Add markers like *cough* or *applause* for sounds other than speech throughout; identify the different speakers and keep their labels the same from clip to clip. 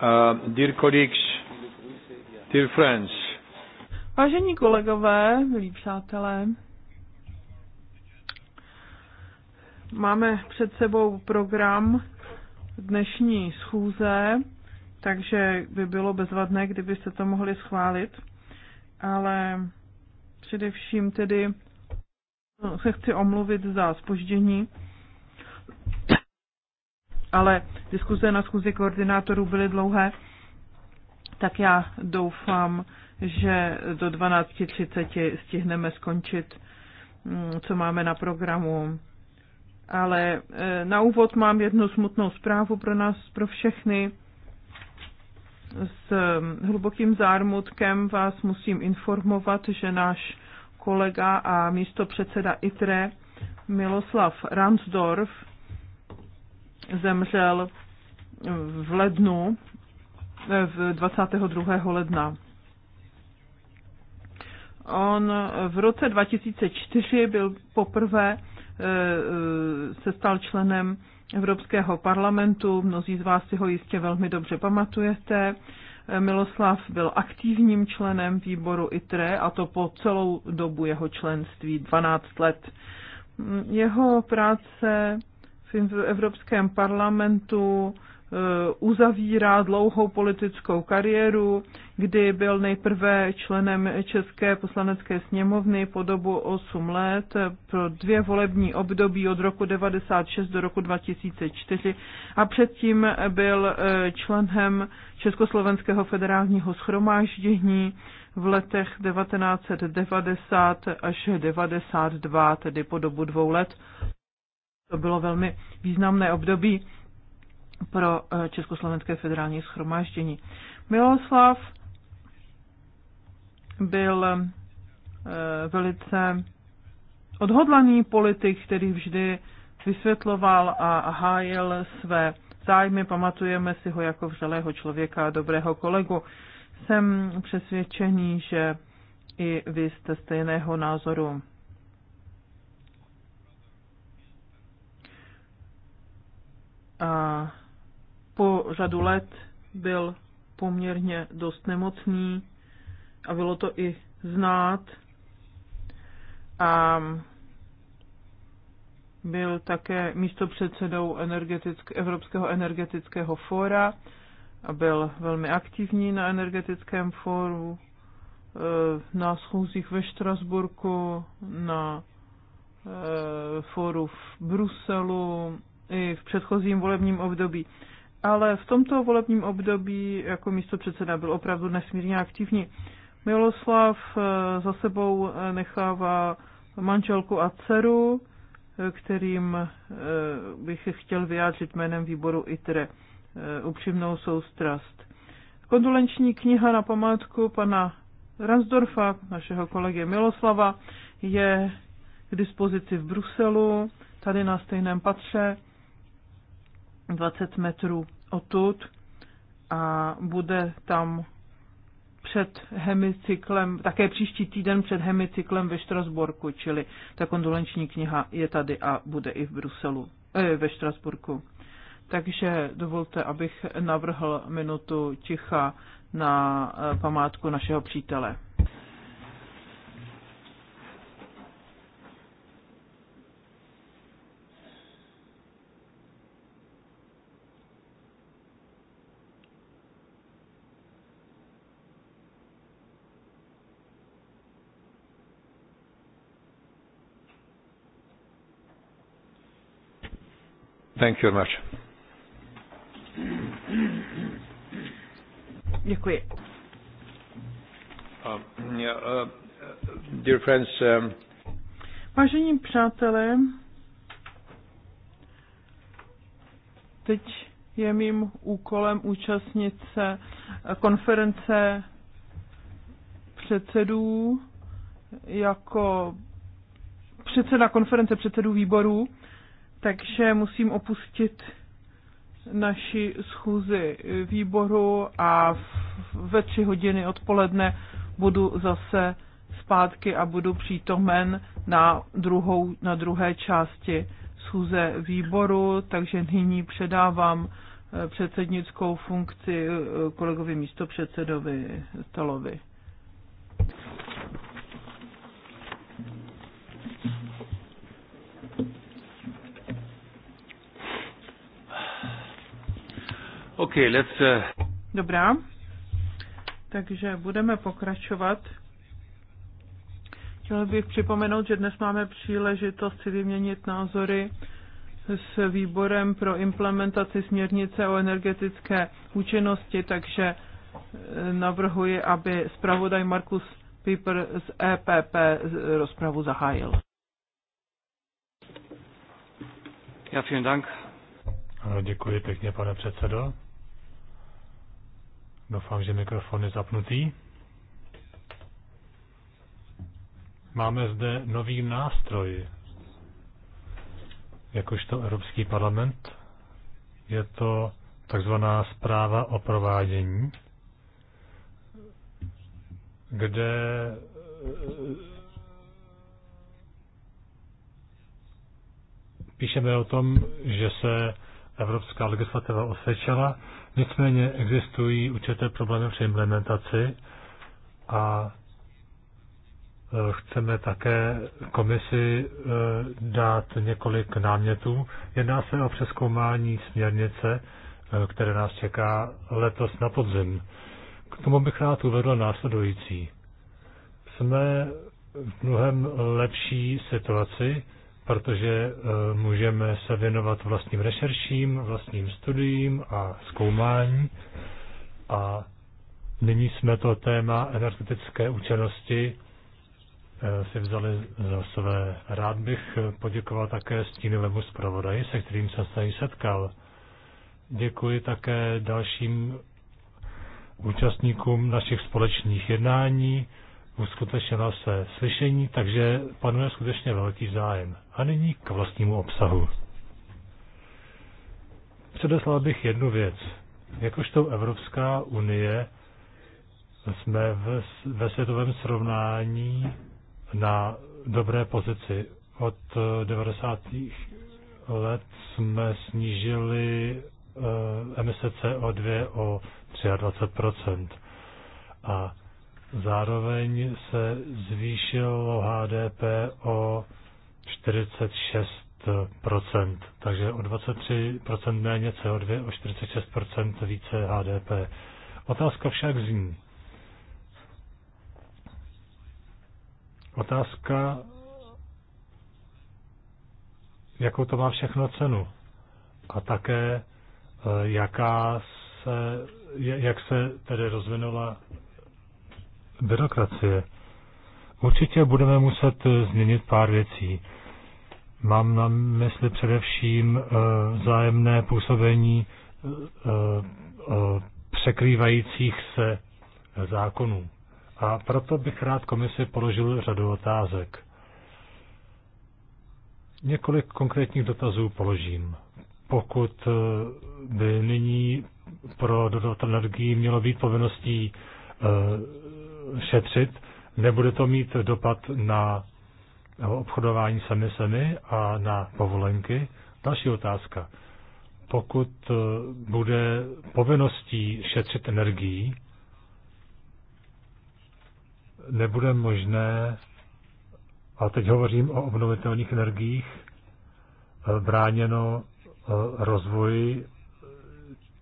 Speaker 1: Uh, dear colleagues, dear friends. Vážení
Speaker 2: kolegové, milí přátelé, máme před sebou program dnešní schůze, takže by bylo bezvadné, kdybyste to mohli schválit, ale především tedy se chci omluvit za spoždění ale diskuze na schůzi koordinátorů byly dlouhé, tak já doufám, že do 12.30 stihneme skončit, mm, co máme na programu. Ale e, na úvod mám jednu smutnou zprávu pro nás, pro všechny. S mm, hlubokým zármutkem vás musím informovat, že náš kolega a místo předseda ITRE Miloslav Ransdorf zemřel v lednu, eh, v 22. ledna. On v roce 2004 byl poprvé eh, eh, se stal členem Evropského parlamentu. Mnozí z vás si ho jistě velmi dobře pamatujete. Miloslav byl aktivním členem výboru ITRE a to po celou dobu jeho členství 12 let. Hm, jeho práce v Evropském parlamentu eh, uzavírá dlouhou politickou kariéru, kdy byl nejprve členem České poslanecké sněmovny po dobu 8 let pro dvě volební období od roku 96 do roku 2004 a předtím byl eh, členem Československého federálního schromáždění v letech 1990 až 92, tedy po dobu dvou let. To bylo velmi významné období pro eh, Československé federální schromáždění. Miloslav byl eh, velice odhodlaný politik, který vždy vysvětloval a hájil své zájmy. Pamatujeme si ho jako vřelého člověka a dobrého kolegu. Jsem přesvědčený, že i vy jste stejného názoru. a po řadu let byl poměrně dost nemocný a bylo to i znát. A byl také místopředsedou energetick- Evropského energetického fóra a byl velmi aktivní na energetickém fóru, e, na schůzích ve Štrasburku, na e, fóru v Bruselu i v předchozím volebním období. Ale v tomto volebním období jako místo předseda byl opravdu nesmírně aktivní. Miloslav eh, za sebou eh, nechává manželku a dceru, eh, kterým bych chtěl vyjádřit jménem výboru ITRE upřímnou soustrast. Kondolenční kniha na památku pana Ransdorfa, našeho kolegy Miloslava, je k dispozici v Bruselu, tady na stejném patře. 20 metrů odtud a bude tam před hemicyklem, také příští týden před hemicyklem ve Štrasburku, čili ta kondolenční kniha je tady a bude i v Bruselu, eh, ve Štrasburku. Takže dovolte, abych navrhl minutu ticha na eh, památku našeho přítele. Thank you very much. Děkuji. Um, uh, yeah, uh, dear
Speaker 1: friends, um...
Speaker 2: Vážení přátelé, teď je mým úkolem účastnit se konference předsedů jako předseda konference předsedů výborů takže musím opustit naši schůzi výboru a ve tři hodiny odpoledne budu zase zpátky a budu přítomen na, druhou, na druhé části schůze výboru, takže nyní předávám eh, předsednickou funkci eh, kolegovi místopředsedovi Stalovi.
Speaker 1: Okay, let's... Uh...
Speaker 2: Dobrá. Takže budeme pokračovat. Chtěl bych připomenout, že dnes máme příležitost si vyměnit názory s výborem pro implementaci směrnice o energetické účinnosti, takže eh, navrhuji, aby zpravodaj Markus Piper z EPP rozpravu zahájil.
Speaker 1: Já vielen Dank. Ano, děkuji pěkně, pane předsedo. Doufám, že mikrofon je zapnutý. Máme zde nový nástroj, jakožto Evropský parlament. Je to takzvaná zpráva o provádění, kde eh, píšeme o tom, že se evropská legislativa osvědčila Nicméně existují určité problémy při implementaci a eh, chceme také komisi eh, dát několik námětů. Jedná se o přeskoumání směrnice, eh, které nás čeká letos na podzim. K tomu bych rád uvedl následující. Jsme v mnohem lepší situaci, protože eh, můžeme se věnovat vlastním rešerším, vlastním studiím a zkoumání. A nyní jsme to téma energetické účinnosti eh, si vzali za své. Rád bych poděkoval také stínovému zpravodaji, se kterým jsem se setkal. Děkuji také dalším účastníkům našich společných jednání, uskutečněno se slyšení, takže panuje skutečně velký zájem. A nyní k vlastnímu obsahu. Předeslal bych jednu věc. Jakožto Evropská unie jsme ve, ve světovém srovnání na dobré pozici. Od 90. Eh, let jsme snížili eh, emise CO2 o 23 a Zároveň se zvýšilo HDP o 46 takže o 23 méně CO2, o 46 více HDP. Otázka však zní. Otázka, jakou to má všechno cenu a také eh, jaká se, jak se tedy rozvinula byrokracie. Určitě budeme muset eh, změnit pár věcí. Mám na mysli především eh, zájemné působení eh, překrývajících se zákonů. A proto bych rád komisi položil řadu otázek. Několik konkrétních dotazů položím. Pokud by nyní pro dodatel energii mělo být povinností šetřit, nebude to mít dopad na obchodování s emisemi a na povolenky. Další otázka. Pokud eh, bude povinností šetřit energií, nebude možné, a teď hovořím o obnovitelných energiích, eh, bráněno eh, rozvoji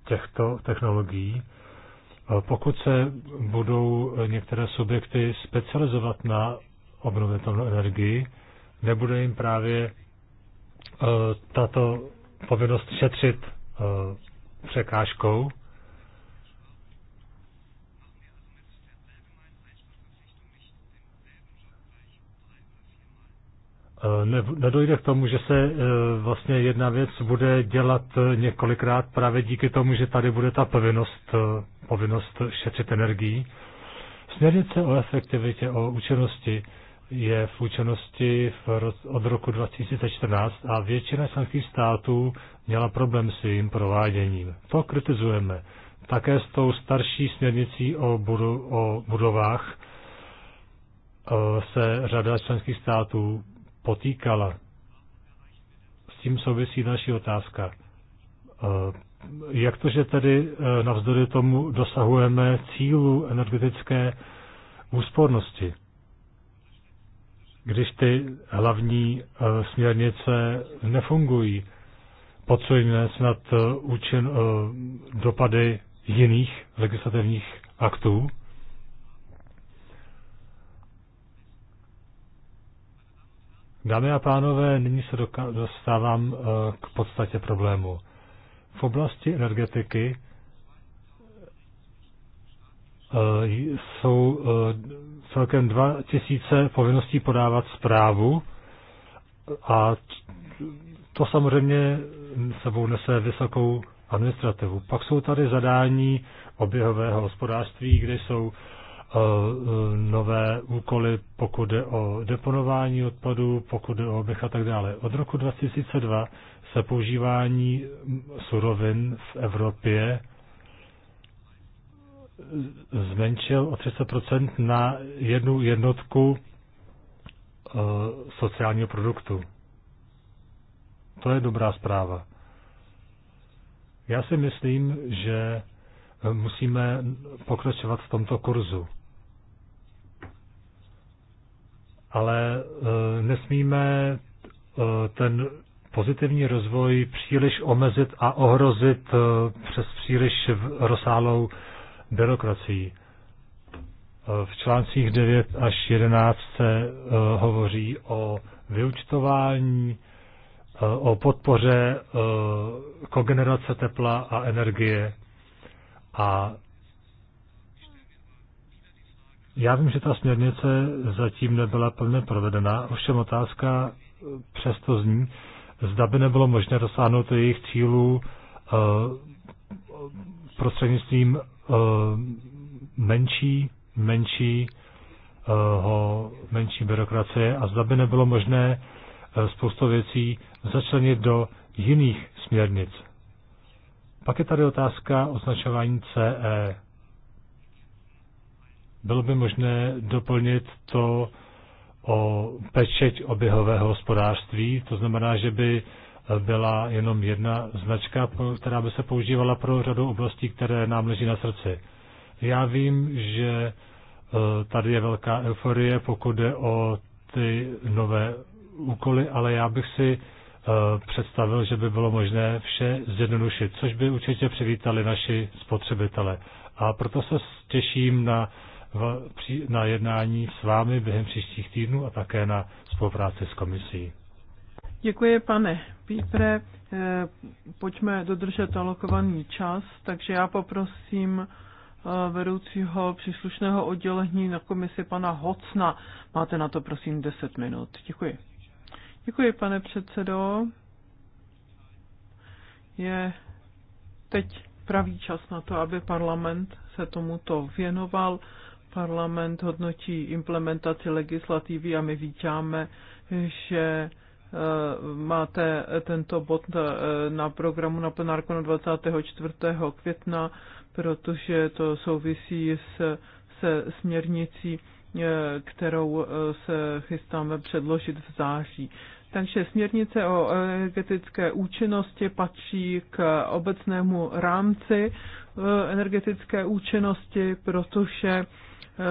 Speaker 1: těchto technologií, pokud se budou některé subjekty specializovat na obnovitelnou energii, nebude jim právě e, tato povinnost šetřit e, překážkou, ne, nedojde k tomu, že se e, vlastně jedna věc bude dělat e, několikrát právě díky tomu, že tady bude ta povinnost, e, povinnost šetřit energii. Směrnice o efektivitě, o účinnosti je v účinnosti v, od roku 2014 a většina členských států měla problém s jejím prováděním. To kritizujeme. Také s tou starší směrnicí o, budu, o budovách se řada členských států potýkala. S tím souvisí naši otázka. Eh, jak to, že tedy eh, navzdory tomu dosahujeme cílu energetické úspornosti? Když ty hlavní eh, směrnice nefungují, podceňuje snad účin dopady jiných legislativních aktů? Dámy a pánové, nyní se dostávám eh, k podstatě problému. V oblasti energetiky eh, jsou eh, celkem 2000 povinností podávat zprávu a to samozřejmě sebou nese vysokou administrativu. Pak jsou tady zadání oběhového hospodářství, kde jsou Eh, nové úkoly, pokud jde o deponování odpadů, pokud jde o oběh a tak dále. Od roku 2002 se používání surovin v Evropě zmenšil o 30 na jednu jednotku eh, sociálního produktu. To je dobrá zpráva. Já si myslím, že musíme pokračovat v tomto kurzu. ale eh, nesmíme eh, ten pozitivní rozvoj příliš omezit a ohrozit eh, přes příliš rozsáhlou byrokracii. V článcích 9 až 11 se hovoří o vyučtování, o podpoře kogenerace tepla a energie a já vím, že ta směrnice zatím nebyla plně provedena, ovšem otázka přesto zní, zda by nebylo možné dosáhnout jejich cílů uh, prostřednictvím uh, menší, menší uh, ho menší byrokracie a zda by nebylo možné uh, spoustu věcí začlenit do jiných směrnic. Pak je tady otázka označování CE. Bylo by možné doplnit to o pečeť oběhového hospodářství, to znamená, že by byla jenom jedna značka, která by se používala pro řadu oblastí, které nám leží na srdci. Já vím, že eh, tady je velká euforie, pokud jde o ty nové úkoly, ale já bych si eh, představil, že by bylo možné vše zjednodušit, což by určitě přivítali naši spotřebitele. A proto se těším na v, při, na jednání s vámi během příštích týdnů a také na spolupráci s komisí.
Speaker 2: Děkuji, pane Pípre. Eh, pojďme dodržet alokovaný čas, takže já poprosím eh, vedoucího příslušného oddělení na komisi pana Hocna. Máte na to prosím 10 minut. Děkuji. Děkuji, pane předsedo. Je teď pravý čas na to, aby parlament se tomuto věnoval parlament hodnotí implementaci legislativy a my vítáme, že e, máte tento bod e, na programu na plenárku na 24. května, protože to souvisí s, se směrnicí, e, kterou se chystáme předložit v září. Takže směrnice o energetické účinnosti patří k obecnému rámci energetické účinnosti, protože Eh,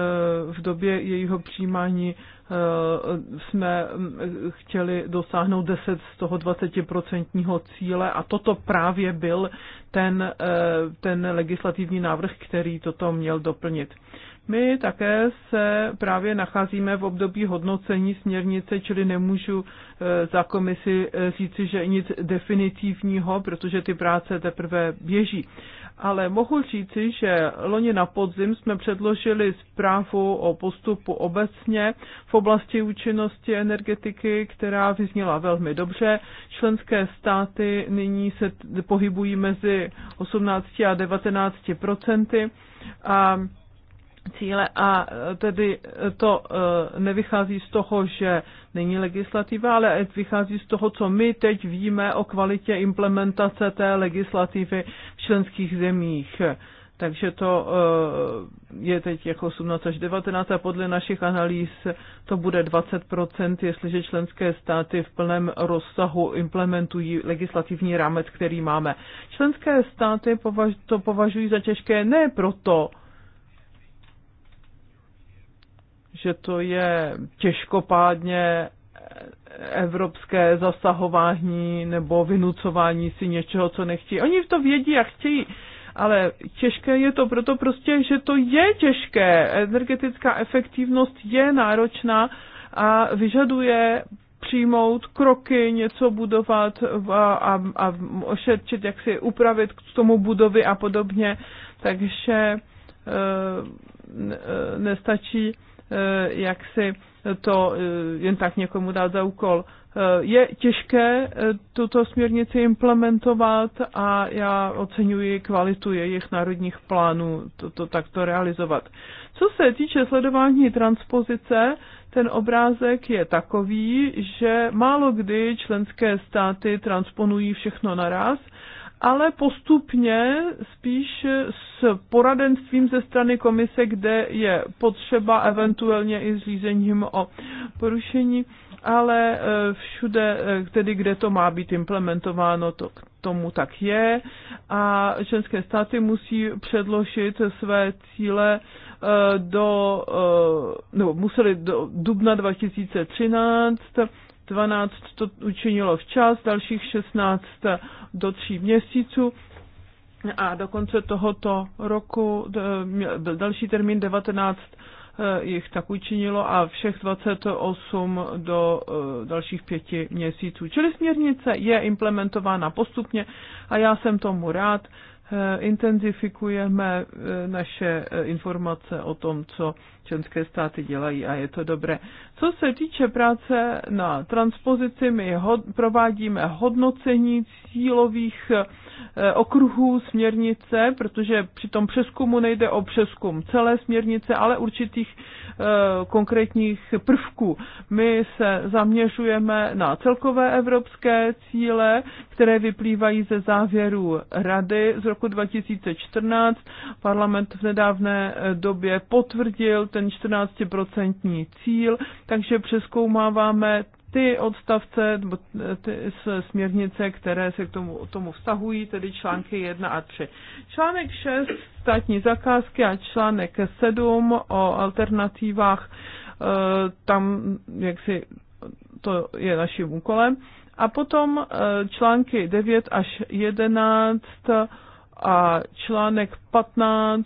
Speaker 2: v době jejího přijímání eh, jsme mm, chtěli dosáhnout 10 z toho 20% cíle a toto právě byl ten, eh, ten legislativní návrh, který toto měl doplnit. My také se právě nacházíme v období hodnocení směrnice, čili nemůžu za komisi říci, že nic definitivního, protože ty práce teprve běží ale mohu říci, že loni na podzim jsme předložili zprávu o postupu obecně v oblasti účinnosti energetiky, která vyzněla velmi dobře. Členské státy nyní se pohybují mezi 18 a 19 procenty a cíle a e, tedy e, to e, nevychází z toho, že není legislativa, ale vychází z toho, co my teď víme o kvalitě implementace té legislativy v členských zemích. Takže to je teď jako 18 až 19 a podle našich analýz to bude 20%, jestliže členské státy v plném rozsahu implementují legislativní rámec, který máme. Členské státy to považují za těžké ne proto, že to je těžkopádně evropské zasahování nebo vynucování si něčeho, co nechtějí. Oni to vědí a chtějí, ale těžké je to proto prostě, že to je těžké. Energetická efektivnost je náročná a vyžaduje přijmout kroky, něco budovat a, a, a ošetřit, jak si upravit k tomu budovy a podobně. Takže e, nestačí Eh, jak si to eh, jen tak někomu dát za úkol. Eh, je těžké tuto směrnici implementovat a já oceňuji kvalitu jejich národních plánů to, to takto realizovat. Co se týče sledování transpozice, ten obrázek je takový, že málo kdy členské státy transponují všechno naraz, ale postupně spíš s poradenstvím ze strany komise, kde je potřeba eventuálně i zřízením o porušení, ale eh, všude, eh, tedy kde to má být implementováno, to tomu tak je a členské státy musí předložit své cíle eh, do, nebo museli do dubna 2013 12 to učinilo včas, dalších 16 do 3 měsíců a do konce tohoto roku byl další termín 19 eh, jich tak učinilo a všech 28 do eh, dalších pěti měsíců. Čili směrnice je implementována postupně a já jsem tomu rád. Eh, intenzifikujeme eh, naše eh, informace o tom, co členské státy dělají a je to dobré. Co se týče práce na transpozici, my provádíme hodnocení cílových Eh, okruhů směrnice, protože při tom přeskumu nejde o přeskum celé směrnice, ale určitých eh, konkrétních prvků. My se zaměřujeme na celkové evropské cíle, které vyplývají ze závěrů Rady z roku 2014. Parlament v nedávné eh, době potvrdil ten 14% cíl, takže přeskoumáváme ty odstavce nebo ty směrnice, které se k tomu, tomu vztahují, tedy články 1 a 3. Článek 6 státní zakázky a článek 7 o alternativách, eh, tam jak si to je naším úkolem. A potom eh, články 9 až 11 a článek 15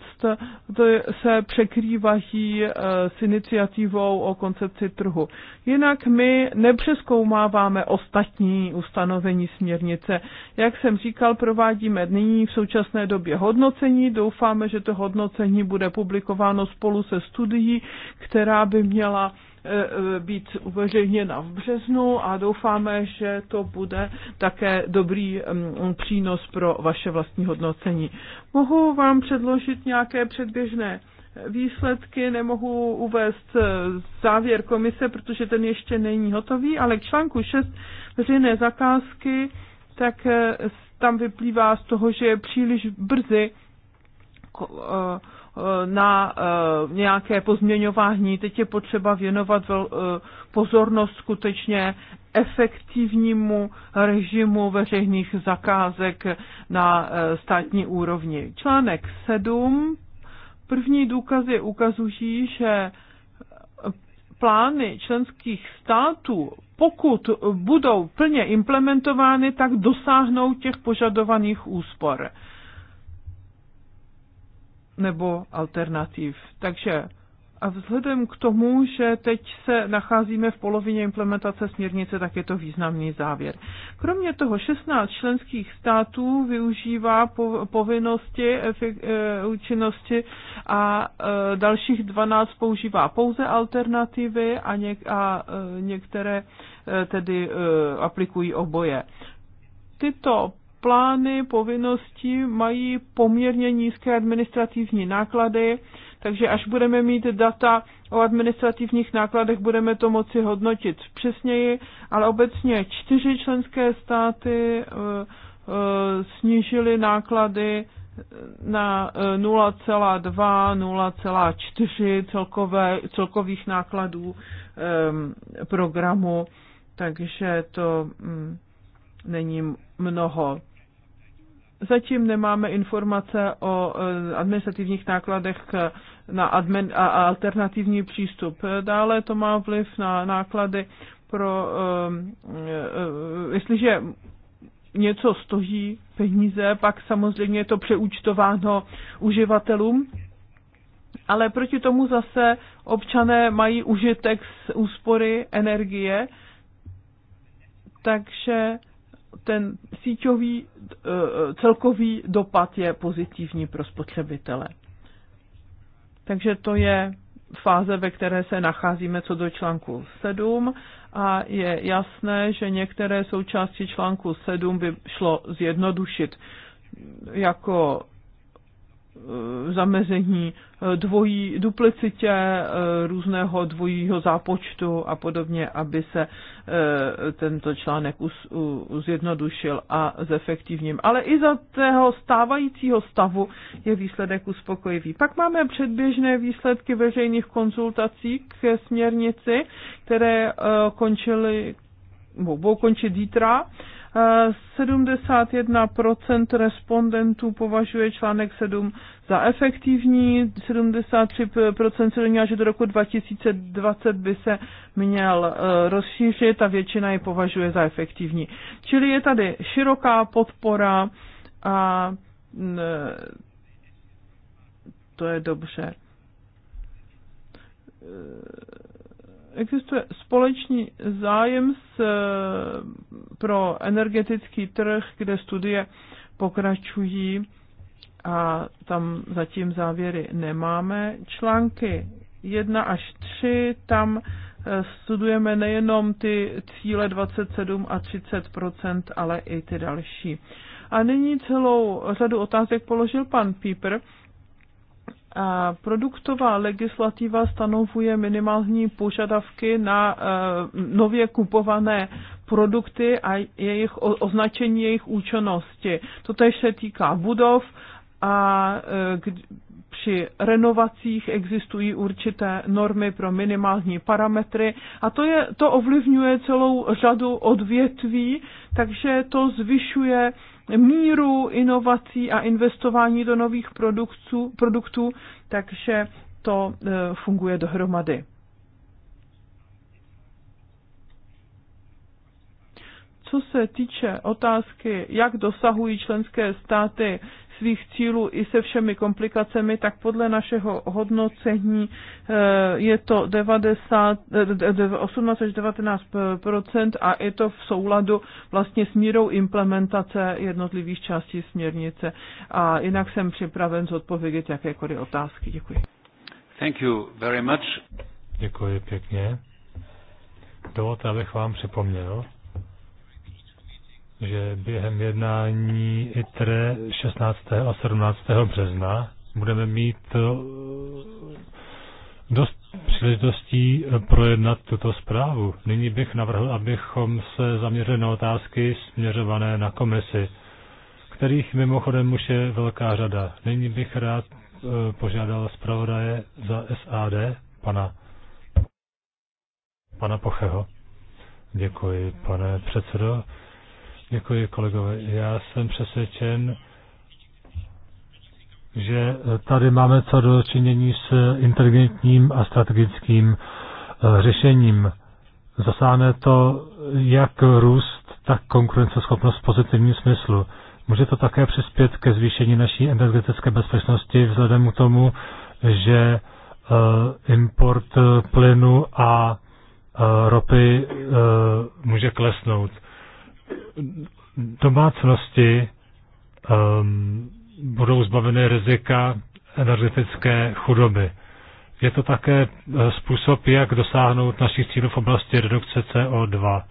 Speaker 2: to se překrývají eh, s iniciativou o koncepci trhu. Jinak my nepřeskoumáváme ostatní ustanovení směrnice. Jak jsem říkal, provádíme nyní v současné době hodnocení. Doufáme, že to hodnocení bude publikováno spolu se studií, která by měla E, e, být uveřejněna v březnu a doufáme, že to bude také dobrý mm, přínos pro vaše vlastní hodnocení. Mohu vám předložit nějaké předběžné výsledky, nemohu uvést e, závěr komise, protože ten ještě není hotový, ale k článku 6 veřejné zakázky, tak tam vyplývá z toho, že je příliš brzy Eh, na eh, nějaké pozměňování. Teď je potřeba věnovat eh, pozornost skutečně efektivnímu režimu veřejných zakázek na státní úrovni. Článek 7. První důkazy ukazují, že plány členských států, pokud budou plně implementovány, tak dosáhnou těch požadovaných úspor nebo alternativ. Takže a vzhledem k tomu, že teď se nacházíme v polovině implementace směrnice, tak je to významný závěr. Kromě toho 16 členských států využívá povinnosti e, účinnosti a e, dalších 12 používá pouze alternativy a, e, některé tedy aplikují oboje. Tyto plány povinnosti mají poměrně nízké administrativní náklady, takže až budeme mít data o administrativních nákladech, budeme to moci hodnotit přesněji, ale obecně čtyři členské státy eh, eh, snížily náklady na 0,2-0,4 eh, celkové, celkových nákladů ehm, programu, takže to mm, není mnoho. Zatím nemáme informace o eh, administrativních nákladech na admin a alternativní přístup. Dále to má vliv na náklady pro, eh, eh, jestliže něco stojí peníze, pak samozřejmě je to přeúčtováno uživatelům, ale proti tomu zase občané mají užitek z úspory energie, takže ten síťový eh, celkový dopad je pozitivní pro spotřebitele. Takže to je fáze, ve které se nacházíme co do článku 7 a je jasné, že některé součásti článku 7 by šlo zjednodušit jako eh, zamezení eh, dvojí duplicitě, různého dvojího zápočtu a podobně, aby se Eh, tento článek uz, zjednodušil a zefektivním. Ale i za tého stávajícího stavu je výsledek uspokojivý. Pak máme předběžné výsledky veřejných konzultací k směrnici, které eh, končily, budou končit zítra 71% eh, respondentů považuje článek 7 za efektivní, 73% se domnívá, že do roku 2020 by se měl eh, rozšířit a většina je považuje za efektivní. Čili je tady široká podpora a mm, eh, to je dobře existuje společný zájem s, eh, pro energetický trh, kde studie pokračují a tam zatím závěry nemáme. Články 1 až 3, tam eh, studujeme nejenom ty cíle 27 a 30 ale i ty další. A nyní celou řadu otázek položil pan Píper Produktová legislativa stanovuje minimální požadavky na e, nově kupované produkty a jejich označení jejich účinnosti. Totež se týká budov a e, při renovacích existují určité normy pro minimální parametry a to, je, to ovlivňuje celou řadu odvětví, takže to zvyšuje míru inovací a investování do nových produktů, produktů takže to e, funguje dohromady. Co se týče otázky, jak dosahují členské státy svých cílů i se všemi komplikacemi, tak podle našeho hodnocení eh, je to 90, 18 eh, až 19 eh, a je to v souladu vlastně s mírou implementace jednotlivých částí směrnice. A jinak jsem připraven zodpovědět jakékoliv
Speaker 1: otázky. Děkuji. Thank you very much. Děkuji pěkně. Dovolte, abych vám připomněl, že během jednání ITRE 16. a 17. března budeme mít eh, dost příležitostí eh, projednat tuto zprávu. Nyní bych navrhl, abychom se zaměřili na otázky směřované na komisi, kterých mimochodem už je velká řada. Nyní bych rád eh, požádal zpravodaje za SAD, pana, pana Pocheho. Děkuji, pane předsedo. Děkuji, kolegové. Já jsem přesvědčen, že tady máme co dočinění s inteligentním a strategickým eh, řešením. Zasáhne to jak růst, tak konkurenceschopnost v pozitivním smyslu. Může to také přispět ke zvýšení naší energetické bezpečnosti vzhledem k tomu, že eh, import plynu a eh, ropy může klesnout domácnosti um, budou zbaveny rizika energetické chudoby. Je to také eh, způsob, jak dosáhnout našich cílů v oblasti redukce CO2.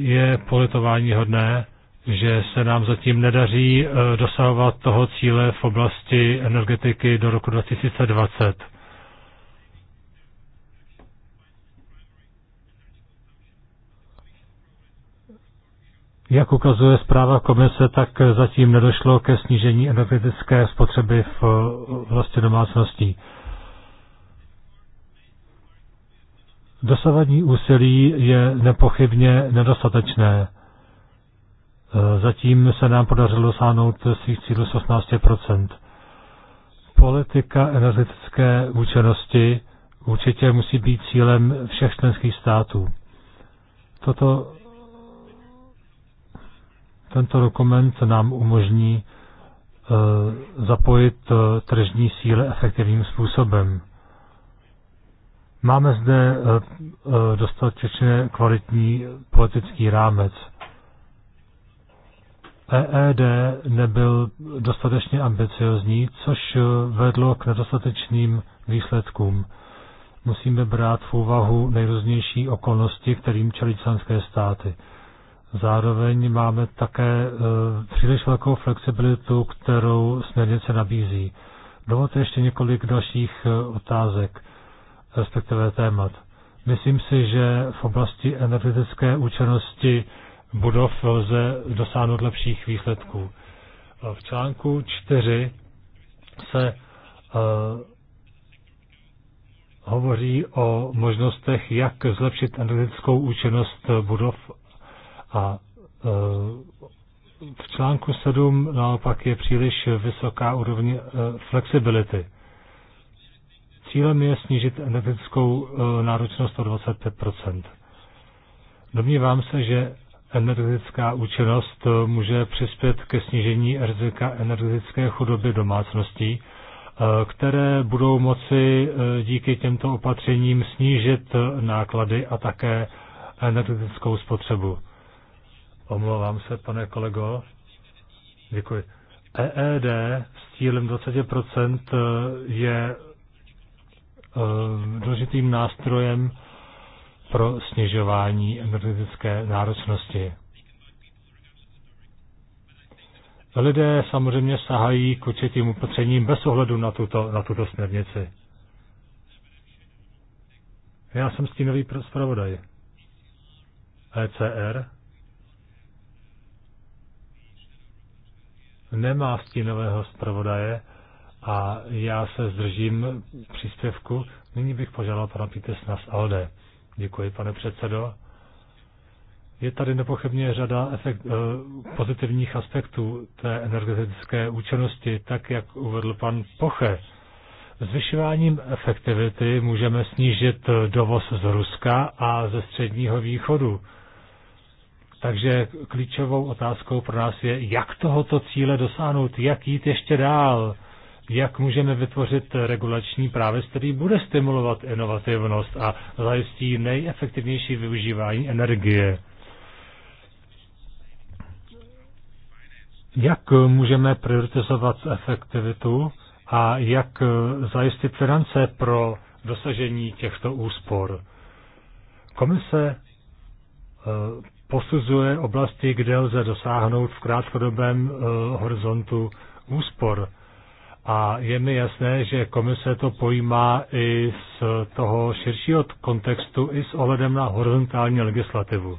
Speaker 1: Je politování hodné, že se nám zatím nedaří eh, dosahovat toho cíle v oblasti energetiky do roku 2020. Jak ukazuje zpráva komise, tak zatím nedošlo ke snížení energetické spotřeby v vlastně domácností. Dosavadní úsilí je nepochybně nedostatečné. E, zatím se nám podařilo sáhnout svých cílů 16 Politika energetické účinnosti určitě musí být cílem všech členských států. Toto tento dokument nám umožní e, zapojit e, tržní síly efektivním způsobem. Máme zde e, dostatečně kvalitní politický rámec. EED nebyl dostatečně ambiciozní, což vedlo k nedostatečným výsledkům. Musíme brát v úvahu nejrůznější okolnosti, kterým čelí členské státy. Zároveň máme také e, příliš velkou flexibilitu, kterou směrnice nabízí. Dovolte ještě několik dalších e, otázek, respektive témat. Myslím si, že v oblasti energetické účinnosti budov lze dosáhnout lepších výsledků. E, v článku 4 se hovoří o možnostech, jak zlepšit energetickou účinnost budov a e, v článku 7 naopak je příliš vysoká úroveň flexibility. Cílem je snížit energetickou e, náročnost o 25 Domnívám se, že energetická účinnost e, může přispět ke snížení rizika energetické chudoby domácností, které budou moci díky těmto opatřením snížit náklady a také energetickou spotřebu. Omlouvám se, pane kolego. Děkuji. EED s cílem 20% eh, je eh, důležitým nástrojem pro snižování energetické náročnosti. Lidé samozřejmě sahají k určitým opatřením bez ohledu na tuto, na tuto směrnici. Já jsem stínový zpravodaj. ECR. nemá stínového zpravodaje a já se zdržím příspěvku. Nyní bych požádal pana Pítesna z ALDE. Děkuji, pane předsedo. Je tady nepochybně řada efekt, eh, pozitivních aspektů té energetické účinnosti, tak jak uvedl pan Poche. Zvyšováním efektivity můžeme snížit dovoz z Ruska a ze Středního východu. Takže klíčovou otázkou pro nás je, jak tohoto cíle dosáhnout, jak jít ještě dál, jak můžeme vytvořit regulační právec, který bude stimulovat inovativnost a zajistí nejefektivnější využívání energie. Jak můžeme prioritizovat efektivitu a jak zajistit finance pro dosažení těchto úspor? Komise eh, posuzuje oblasti, kde lze dosáhnout v krátkodobém eh, horizontu úspor. A je mi jasné, že komise to pojímá i z toho širšího kontextu, i s ohledem na horizontální legislativu.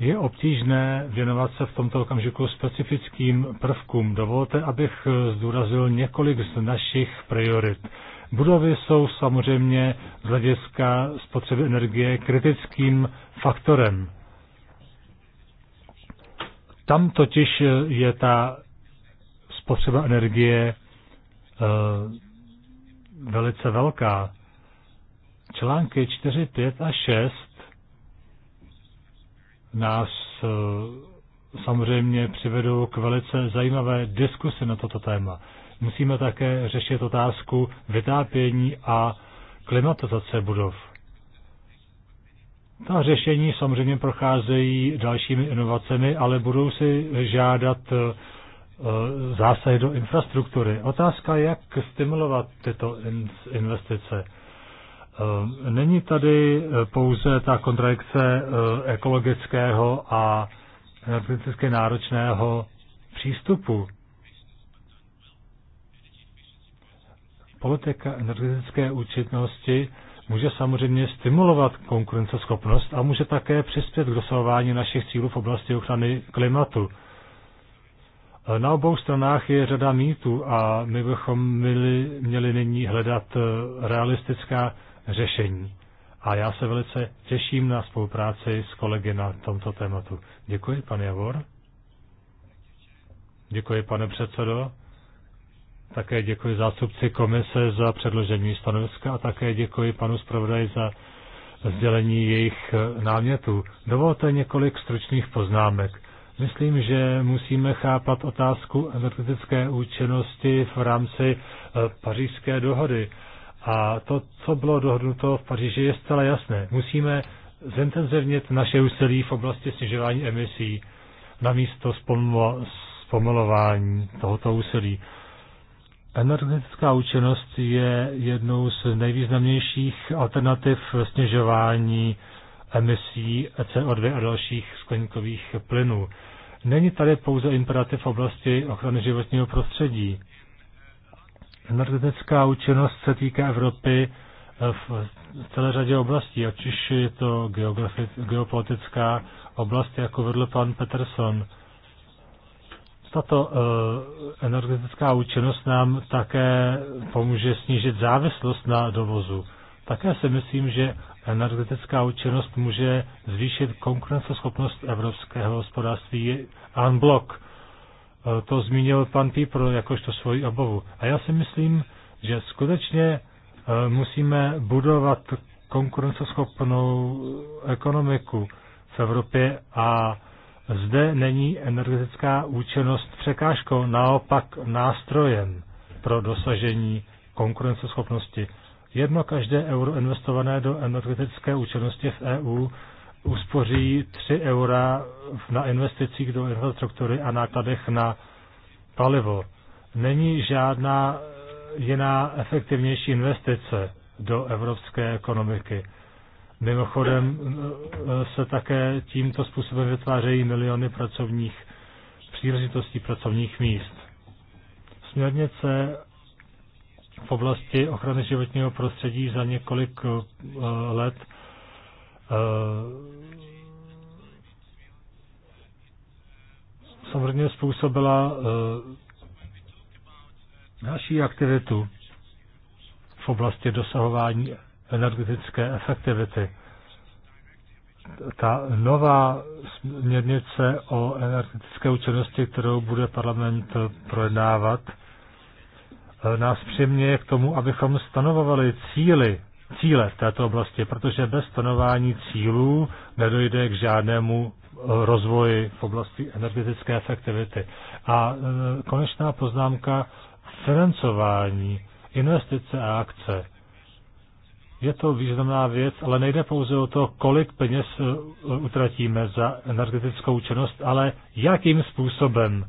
Speaker 1: Je obtížné věnovat se v tomto okamžiku specifickým prvkům. Dovolte, abych eh, zdůrazil několik z našich priorit. Budovy jsou samozřejmě z hlediska spotřeby energie kritickým faktorem. Tam totiž je ta spotřeba energie eh, velice velká. Články 4, 5 a 6 nás eh, samozřejmě přivedou k velice zajímavé diskusi na toto téma. Musíme také řešit otázku vytápění a klimatizace budov. Ta řešení samozřejmě procházejí dalšími inovacemi, ale budou si žádat eh, zásahy do infrastruktury. Otázka, jak stimulovat tyto investice. Eh, není tady eh, pouze ta kontradikce ekologického a energeticky náročného přístupu. Politika energetické účinnosti může samozřejmě stimulovat konkurenceschopnost a může také přispět k dosahování našich cílů v oblasti ochrany klimatu. Na obou stranách je řada mýtů a my bychom měli, měli nyní hledat eh, realistická řešení. A já se velice těším na spolupráci s kolegy na tomto tématu. Děkuji, pan Javor. Děkuji, pane předsedo. Také děkuji zástupci komise za předložení stanoviska a také děkuji panu zpravodaji za sdělení jejich námětů. Dovolte několik stručných poznámek. Myslím, že musíme chápat otázku energetické účinnosti v rámci e, pařížské dohody. A to, co bylo dohodnuto v Paříži, je zcela jasné. Musíme zintenzivnit naše úsilí v oblasti snižování emisí místo zpomalování tohoto úsilí. Energetická účinnost je jednou z nejvýznamnějších alternativ snižování emisí CO2 a dalších skleníkových plynů. Není tady pouze imperativ v oblasti ochrany životního prostředí. Energetická účinnost se týká Evropy v celé řadě oblastí, ať už je to geopolitická oblast, jako vedl pan Peterson, tato eh, energetická účinnost nám také pomůže snížit závislost na dovozu. Také si myslím, že energetická účinnost může zvýšit konkurenceschopnost evropského hospodářství en eh, To zmínil pan Pípr jakožto svoji obavu. A já si myslím, že skutečně eh, musíme budovat konkurenceschopnou ekonomiku v Evropě a zde není energetická účinnost překážkou, naopak nástrojem pro dosažení konkurenceschopnosti. Jedno každé euro investované do energetické účinnosti v EU uspoří 3 eura na investicích do infrastruktury a nákladech na palivo. Není žádná jiná efektivnější investice do evropské ekonomiky. Mimochodem se také tímto způsobem vytvářejí miliony pracovních příležitostí pracovních míst. Směrnice v oblasti ochrany životního prostředí za několik eh, let eh, samozřejmě způsobila naší eh, aktivitu v oblasti dosahování energetické efektivity. Ta nová směrnice o energetické účinnosti, kterou bude parlament projednávat, eh, nás přiměje k tomu, abychom stanovovali cíly, cíle v této oblasti, protože bez stanování cílů nedojde k žádnému eh, rozvoji v oblasti energetické efektivity. A eh, konečná poznámka financování, investice a akce. Je to významná věc, ale nejde pouze o to, kolik peněz eh, utratíme za energetickou činnost, ale jakým způsobem,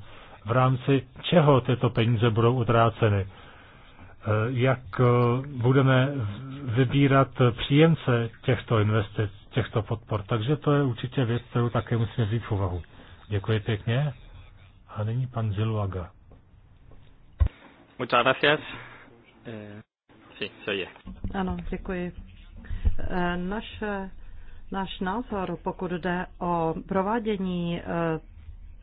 Speaker 1: v rámci čeho tyto peníze budou utráceny. Eh, jak eh, budeme vybírat příjemce těchto investic, těchto podpor. Takže to je určitě věc, kterou také musíme vzít v úvahu. Děkuji pěkně. A nyní pan Ziluaga. Muchas gracias věci, co je.
Speaker 3: Ano, děkuji. Eh, naše, náš názor, pokud jde o provádění eh,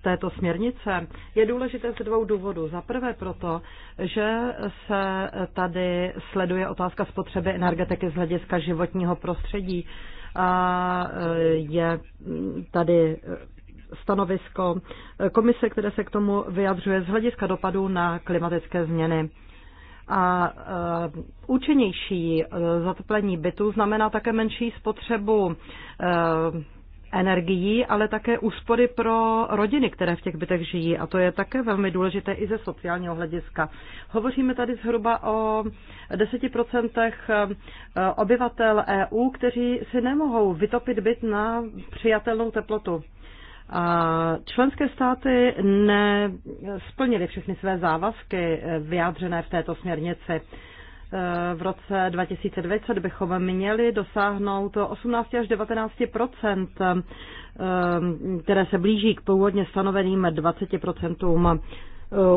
Speaker 3: této směrnice je důležité ze dvou důvodů. Za prvé proto, že se tady sleduje otázka spotřeby energetiky z hlediska životního prostředí. A eh, je tady stanovisko komise, které se k tomu vyjadřuje z hlediska dopadů na klimatické změny. A eh, účinnější eh, zateplení bytu znamená také menší spotřebu eh, energií, ale také úspory pro rodiny, které v těch bytech žijí. A to je také velmi důležité i ze sociálního hlediska. Hovoříme tady zhruba o 10% obyvatel EU, kteří si nemohou vytopit byt na přijatelnou teplotu. A členské státy nesplnily všechny své závazky eh, vyjádřené v této směrnici. Eh, v roce 2020 bychom měli dosáhnout 18 až 19 eh, které se blíží k původně stanoveným 20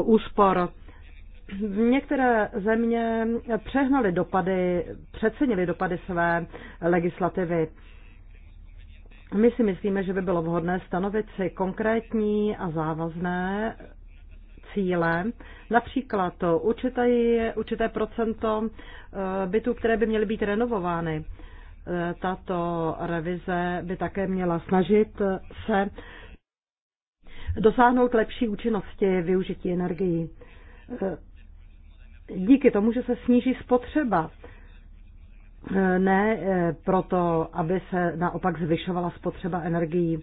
Speaker 3: úspor. Některé země přehnaly dopady, přecenily dopady své legislativy. My si myslíme, že by bylo vhodné stanovit si konkrétní a závazné cíle, například to určité, určité procento eh, bytů, které by měly být renovovány. Eh, tato revize by také měla snažit se dosáhnout lepší účinnosti využití energií. Eh, díky tomu, že se sníží spotřeba ne eh, proto, aby se naopak zvyšovala spotřeba energií.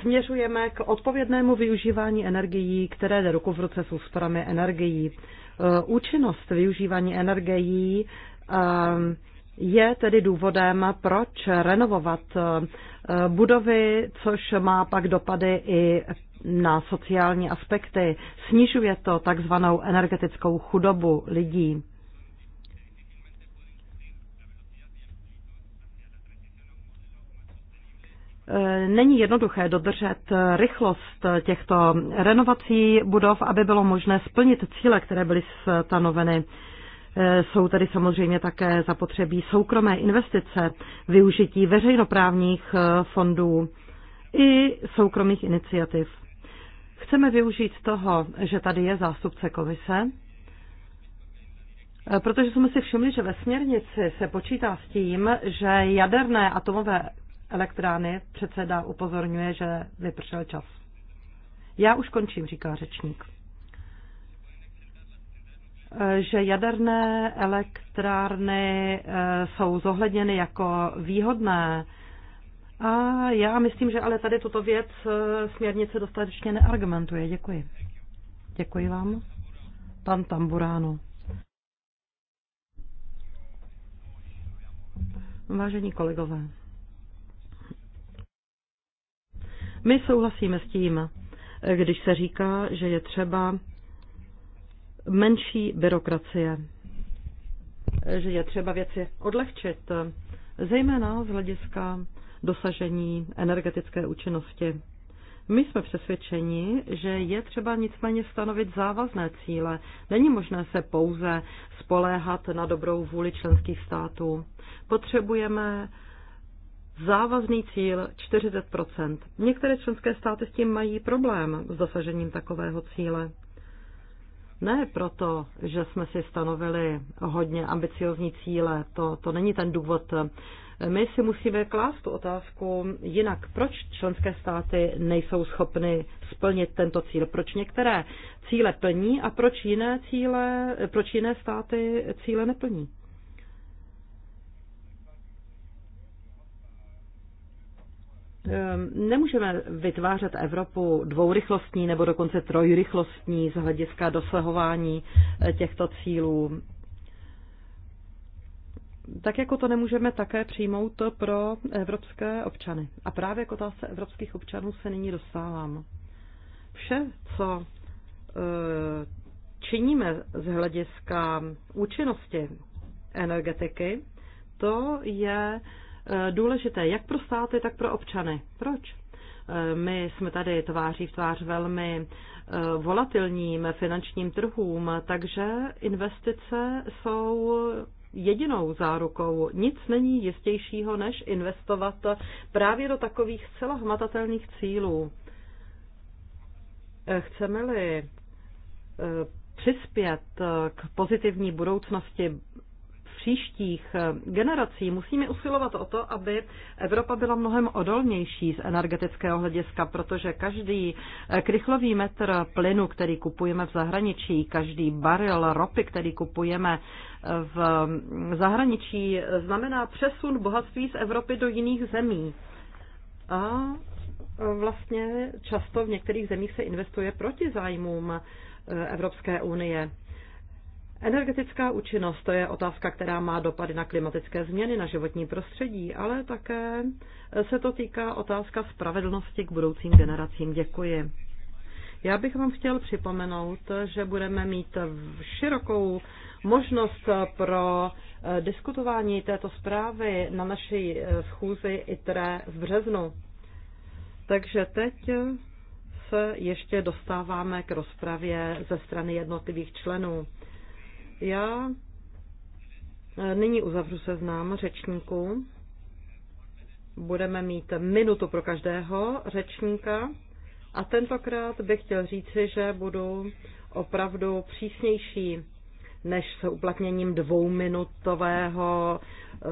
Speaker 3: Směřujeme k odpovědnému využívání energií, které jde ruku v ruce s úsporami energií. Eh, účinnost využívání energií eh, je tedy důvodem, proč renovovat budovy, což má pak dopady i na sociální aspekty. Snižuje to takzvanou energetickou chudobu lidí. E, není jednoduché dodržet rychlost těchto renovací budov, aby bylo možné splnit cíle, které byly stanoveny. E, jsou tady samozřejmě také zapotřebí soukromé investice, využití veřejnoprávních e, fondů i soukromých iniciativ. Chceme využít toho, že tady je zástupce komise, protože jsme si všimli, že ve směrnici se počítá s tím, že jaderné atomové elektrárny předseda upozorňuje, že vypršel čas. Já už končím, říká řečník že jaderné elektrárny eh, jsou zohledněny jako výhodné a já myslím, že ale tady tuto věc e, směrnice dostatečně neargumentuje. Děkuji. Děkuji vám. Pan Tamburáno. Vážení kolegové, my souhlasíme s tím, když se říká, že je třeba menší byrokracie, že je třeba věci odlehčit, zejména z hlediska dosažení energetické účinnosti. My jsme přesvědčeni, že je třeba nicméně stanovit závazné cíle. Není možné se pouze spoléhat na dobrou vůli členských států. Potřebujeme závazný cíl 40 Některé členské státy s tím mají problém s dosažením takového cíle. Ne proto, že jsme si stanovili hodně ambiciozní cíle, to, to není ten důvod, my si musíme klást tu otázku jinak, proč členské státy nejsou schopny splnit tento cíl, proč některé cíle plní a proč jiné, cíle, proč jiné státy cíle neplní. Ehm, nemůžeme vytvářet Evropu dvourychlostní nebo dokonce trojrychlostní z hlediska dosahování eh, těchto cílů tak jako to nemůžeme také přijmout pro evropské občany. A právě k otázce evropských občanů se nyní dostávám. Vše, co e, činíme z hlediska účinnosti energetiky, to je e, důležité jak pro státy, tak pro občany. Proč? E, my jsme tady tváří v tvář velmi volatilním finančním trhům, takže investice jsou jedinou zárukou. Nic není jistějšího, než investovat právě do takových zcela hmatatelných cílů. Eh, chceme-li eh, přispět k pozitivní budoucnosti příštích eh, generací musíme usilovat o to, aby Evropa byla mnohem odolnější z energetického hlediska, protože každý eh, krychlový metr plynu, který kupujeme v zahraničí, každý barel ropy, který kupujeme eh, v mm, zahraničí, znamená přesun bohatství z Evropy do jiných zemí. A vlastně často v některých zemích se investuje proti zájmům Evropské unie. Energetická účinnost to je otázka, která má dopady na klimatické změny, na životní prostředí, ale také se to týká otázka spravedlnosti k budoucím generacím. Děkuji. Já bych vám chtěl připomenout, že budeme mít širokou možnost pro eh, diskutování této zprávy na naší eh, schůzi ITRE v březnu. Takže teď se ještě dostáváme k rozpravě ze strany jednotlivých členů. Já e, nyní uzavřu seznam řečníků. Budeme mít minutu pro každého řečníka. A tentokrát bych chtěl říci, že budu opravdu přísnější než s uplatněním dvouminutového e,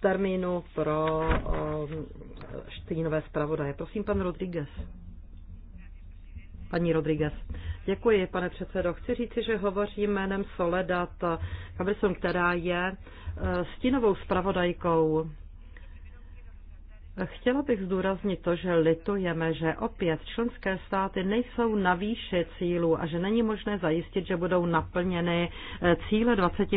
Speaker 3: termínu pro e, štýnové zpravodaje. Prosím, pan Rodriguez. Paní Rodriguez. Děkuji, pane předsedo. Chci říci, že hovořím jménem Soledad Kabrison, která je eh, stínovou spravodajkou. Chtěla bych zdůraznit to, že litujeme, že opět členské státy nejsou na výši cílů a že není možné zajistit, že budou naplněny eh, cíle 20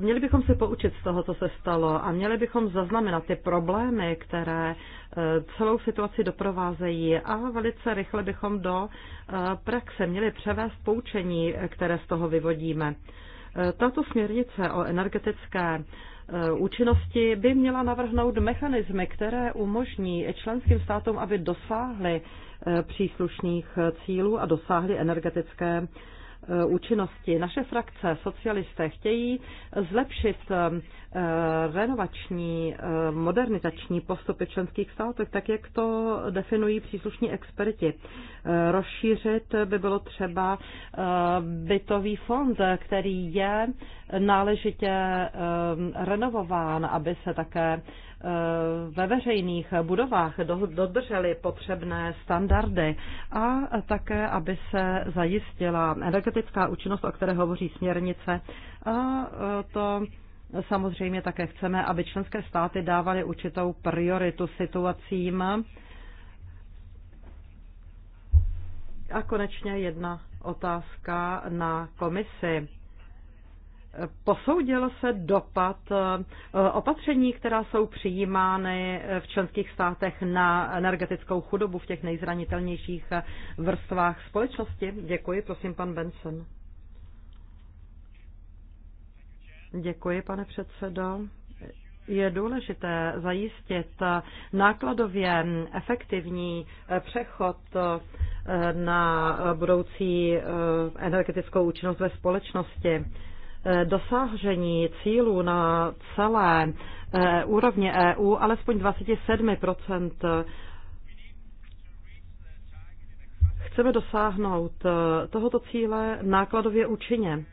Speaker 3: Měli bychom se poučit z toho, co se stalo a měli bychom zaznamenat ty problémy, které e, celou situaci doprovázejí a velice rychle bychom do e, praxe měli převést poučení, e, které z toho vyvodíme. Tato směrnice o energetické účinnosti by měla navrhnout mechanismy, které umožní členským státům, aby dosáhly příslušných cílů a dosáhly energetické Eh, účinnosti. Naše frakce socialisté chtějí zlepšit eh, renovační, eh, modernizační postupy v členských státech, tak jak to definují příslušní experti. Rozšířit by bylo třeba bytový fond, který je náležitě renovován, aby se také Eh, ve veřejných budovách dodrželi potřebné standardy a také, aby se zajistila energetická účinnost, o které hovoří směrnice. A eh, to samozřejmě také chceme, aby členské státy dávaly určitou prioritu situacím. A konečně jedna otázka na komisi Posoudil se dopad eh, opatření, která jsou přijímány v členských státech na energetickou chudobu v těch nejzranitelnějších eh, vrstvách společnosti? Děkuji, prosím, pan Benson. Děkuji, pane předsedo. Je důležité zajistit eh, nákladově efektivní přechod na budoucí energetickou účinnost ve společnosti. Eh, dosažení cílů na celé eh, úrovně EU alespoň 27 Chceme dosáhnout eh, tohoto cíle nákladově účinně.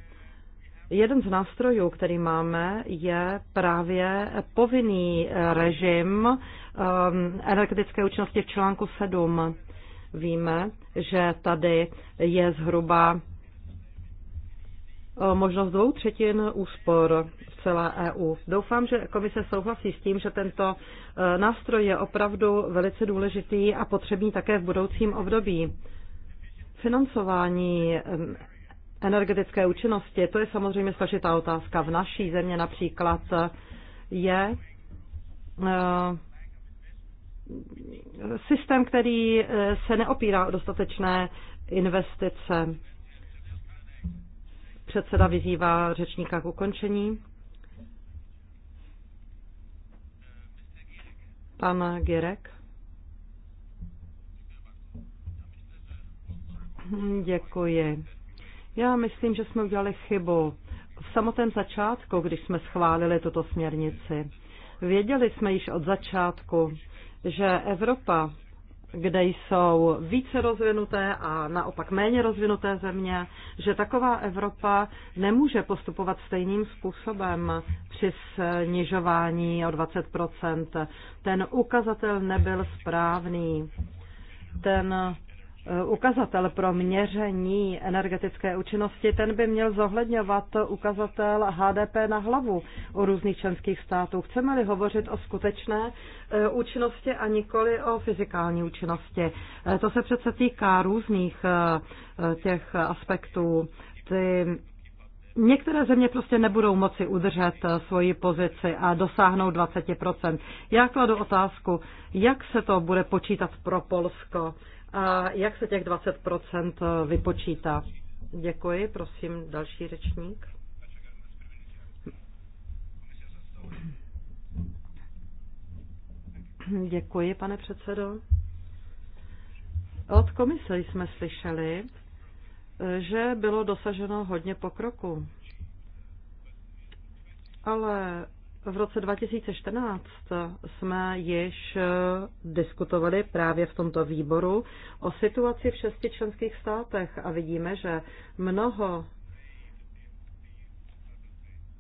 Speaker 3: Jeden z nástrojů, který máme, je právě povinný režim energetické účinnosti v článku 7. Víme, že tady je zhruba možnost dvou třetin úspor v celé EU. Doufám, že komise souhlasí s tím, že tento e, nástroj je opravdu velice důležitý a potřebný také v budoucím období. Financování energetické účinnosti, to je samozřejmě složitá otázka. V naší země například je e, systém, který e, se neopírá o dostatečné investice. Předseda vyzývá řečníka k ukončení. Pan Girek. Děkuji. Já myslím, že jsme udělali chybu. V samotném začátku, když jsme schválili tuto směrnici, věděli jsme již od začátku, že Evropa kde jsou více rozvinuté a naopak méně rozvinuté země, že taková Evropa nemůže postupovat stejným způsobem při snižování o 20 Ten ukazatel nebyl správný. Ten Eh, ukazatel pro měření energetické účinnosti, ten by měl zohledňovat ukazatel HDP na hlavu u různých členských států. Chceme-li hovořit o skutečné eh, účinnosti a nikoli o fyzikální účinnosti. Eh, to se přece týká různých těch aspektů. Ty Některé země prostě nebudou moci udržet svoji pozici a dosáhnout 20%. Já kladu otázku, jak se to bude počítat pro Polsko a jak se těch 20% vypočítá? Děkuji, prosím, další řečník. Děkuji, pane předsedo. Od komise jsme slyšeli, že bylo dosaženo hodně pokroku. Ale v roce 2014 jsme již eh, diskutovali právě v tomto výboru o situaci v šesti členských státech a vidíme, že mnoho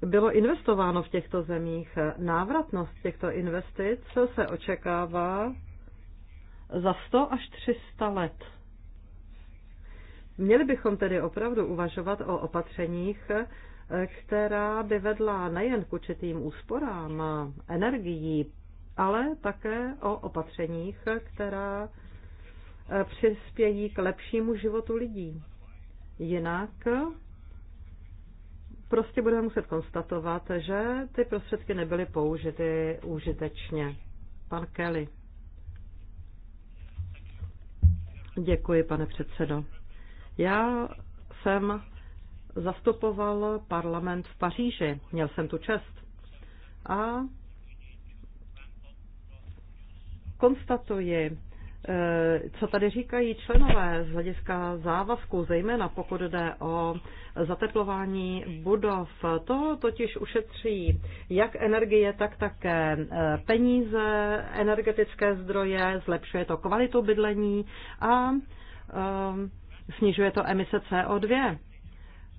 Speaker 3: bylo investováno v těchto zemích. Návratnost těchto investic se očekává za 100 až 300 let. Měli bychom tedy opravdu uvažovat o opatřeních, která by vedla nejen k určitým úsporám energií, ale také o opatřeních, která eh, přispějí k lepšímu životu lidí. Jinak eh, prostě budeme muset konstatovat, že ty prostředky nebyly použity užitečně. Pan Kelly. Děkuji, pane předsedo. Já jsem zastupoval parlament v Paříži. Měl jsem tu čest. A konstatuji, eh, co tady říkají členové z hlediska závazku, zejména pokud jde o zateplování budov. To totiž ušetří jak energie, tak také eh, peníze, energetické zdroje, zlepšuje to kvalitu bydlení a eh, snižuje to emise CO2.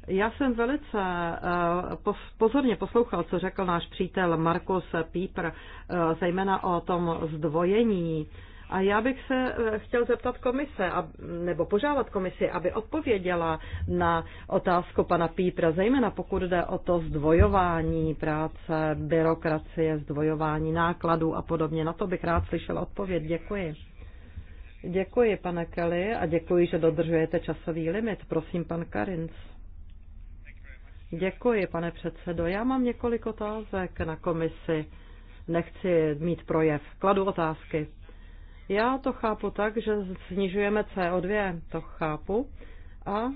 Speaker 3: Já jsem velice eh, pozorně poslouchal, co řekl náš přítel Markus Pípr, eh, zejména o tom zdvojení. A já bych se eh, chtěl zeptat komise, nebo požádat komisi, aby odpověděla na otázku pana Pípra, zejména pokud jde o to zdvojování práce, byrokracie, zdvojování nákladů a podobně. Na to bych rád slyšel odpověď. Děkuji. Děkuji, pane Kelly, a děkuji, že dodržujete časový limit. Prosím, pan Karinc. Děkuji, pane předsedo. Já mám několik otázek na komisi. Nechci mít projev. Kladu otázky. Já to chápu tak, že snižujeme CO2, to chápu. A e,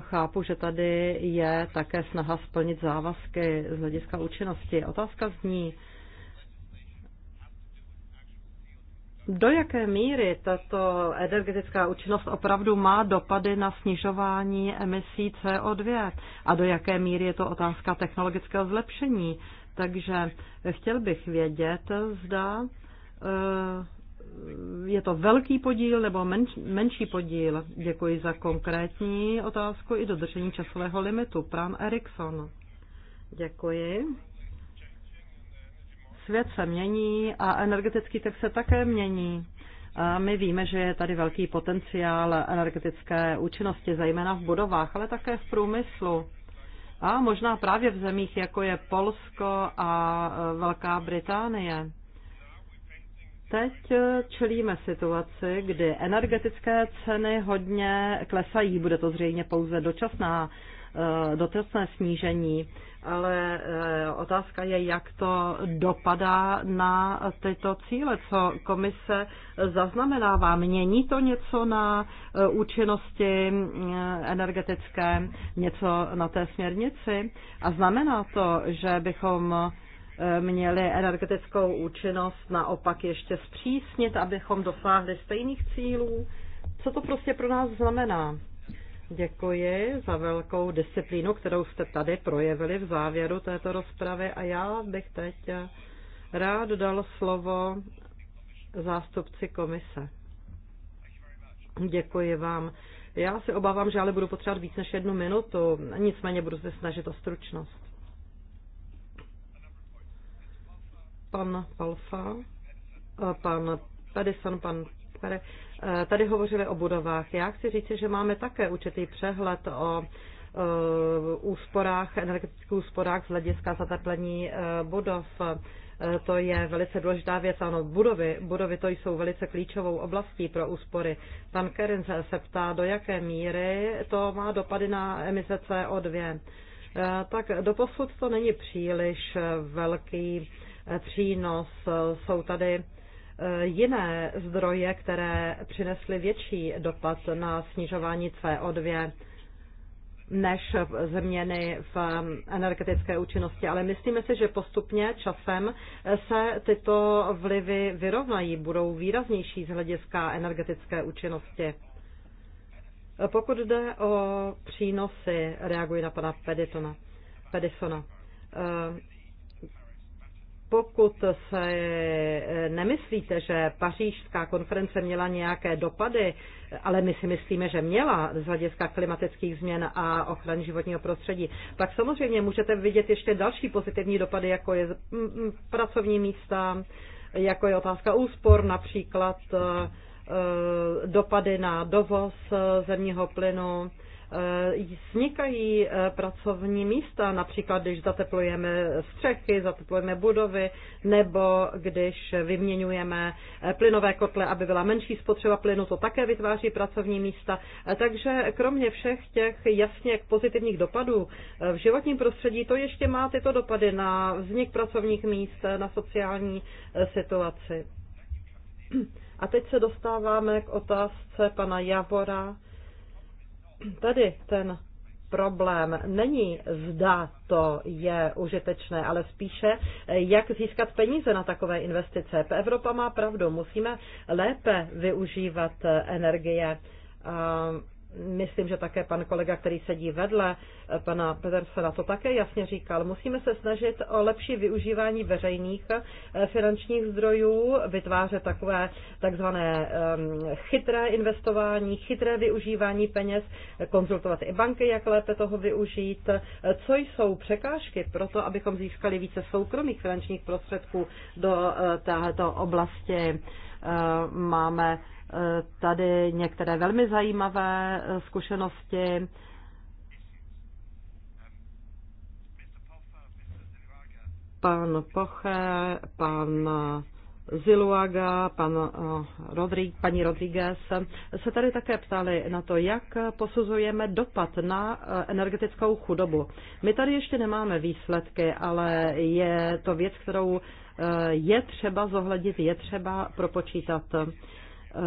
Speaker 3: chápu, že tady je také snaha splnit závazky z hlediska účinnosti. Otázka zní, Do jaké míry tato energetická účinnost opravdu má dopady na snižování emisí CO2 a do jaké míry je to otázka technologického zlepšení? Takže chtěl bych vědět, zda eh, je to velký podíl nebo menš, menší podíl. Děkuji za konkrétní otázku i dodržení časového limitu. Pran Erikson. Děkuji. Svět se mění a energetický trh se také mění. A my víme, že je tady velký potenciál energetické účinnosti, zejména v budovách, ale také v průmyslu. A možná právě v zemích, jako je Polsko a e, Velká Británie. Teď e, čelíme situaci, kdy energetické ceny hodně klesají. Bude to zřejmě pouze dočasná Eh, dočasné snížení, ale eh, otázka je, jak to dopadá na tyto cíle, co komise zaznamenává. Mění to něco na eh, účinnosti energetické, něco na té směrnici a znamená to, že bychom měli energetickou účinnost naopak ještě zpřísnit, abychom dosáhli stejných cílů. Co to prostě pro nás znamená? Děkuji za velkou disciplínu, kterou jste tady projevili v závěru této rozpravy a já bych teď rád dal slovo zástupci komise. Děkuji vám. Já se obávám, že ale budu potřebovat víc než jednu minutu, nicméně budu se snažit o stručnost. Pan Palfa, eh, pan Pedison, pan které eh, tady hovořili o budovách. Já chci říct, že máme také určitý přehled o eh, úsporách, energetických úsporách z hlediska zateplení eh, budov. To je velice důležitá věc. Ano, budovy, budovy to jsou velice klíčovou oblastí pro úspory. Pan Kerin se ptá, do jaké míry to má dopady na emise CO2. Tak doposud to není příliš velký přínos. Jsou tady Eh, jiné zdroje, které přinesly větší dopad na snižování CO2 než změny v energetické účinnosti. Ale myslíme si, že postupně časem se tyto vlivy vyrovnají, budou výraznější z hlediska energetické účinnosti. Pokud jde o přínosy, reaguji na pana Peditona, Pedisona eh, pokud se eh, nemyslíte, že pařížská konference měla nějaké dopady, ale my si myslíme, že měla z hlediska klimatických změn a ochrany životního prostředí, Tak samozřejmě můžete vidět ještě další pozitivní dopady, jako je mm, mm, pracovní místa, jako je otázka úspor, například eh, dopady na dovoz eh, zemního plynu, Eh, vznikají eh, pracovní místa, například když zateplujeme střechy, zateplujeme budovy, nebo když vyměňujeme eh, plynové kotle, aby byla menší spotřeba plynu, to také vytváří pracovní místa. Takže kromě všech těch jasně pozitivních dopadů v životním prostředí, to ještě má tyto dopady na vznik pracovních míst, na sociální situaci. *clears throat* A teď se dostáváme k otázce pana Javora tady ten problém není zda to je užitečné, ale spíše jak získat peníze na takové investice. Evropa má pravdu, musíme lépe využívat energie myslím, že také pan kolega, který sedí vedle eh, pana Petersena, to také jasně říkal. Musíme se snažit o lepší využívání veřejných eh, finančních zdrojů, vytvářet takové takzvané ehm, chytré investování, chytré využívání peněz, konzultovat i banky, jak lépe toho využít. Co jsou překážky pro to, abychom získali více soukromých finančních prostředků do eh, této oblasti? Máme tady některé velmi zajímavé eh, zkušenosti. Pan Poche, pan Ziluaga, pan eh, Rodrík, paní Rodriguez. se tady také ptali na to, jak posuzujeme dopad na eh, energetickou chudobu. My tady ještě nemáme výsledky, ale je to věc, kterou je třeba zohlednit, je třeba propočítat.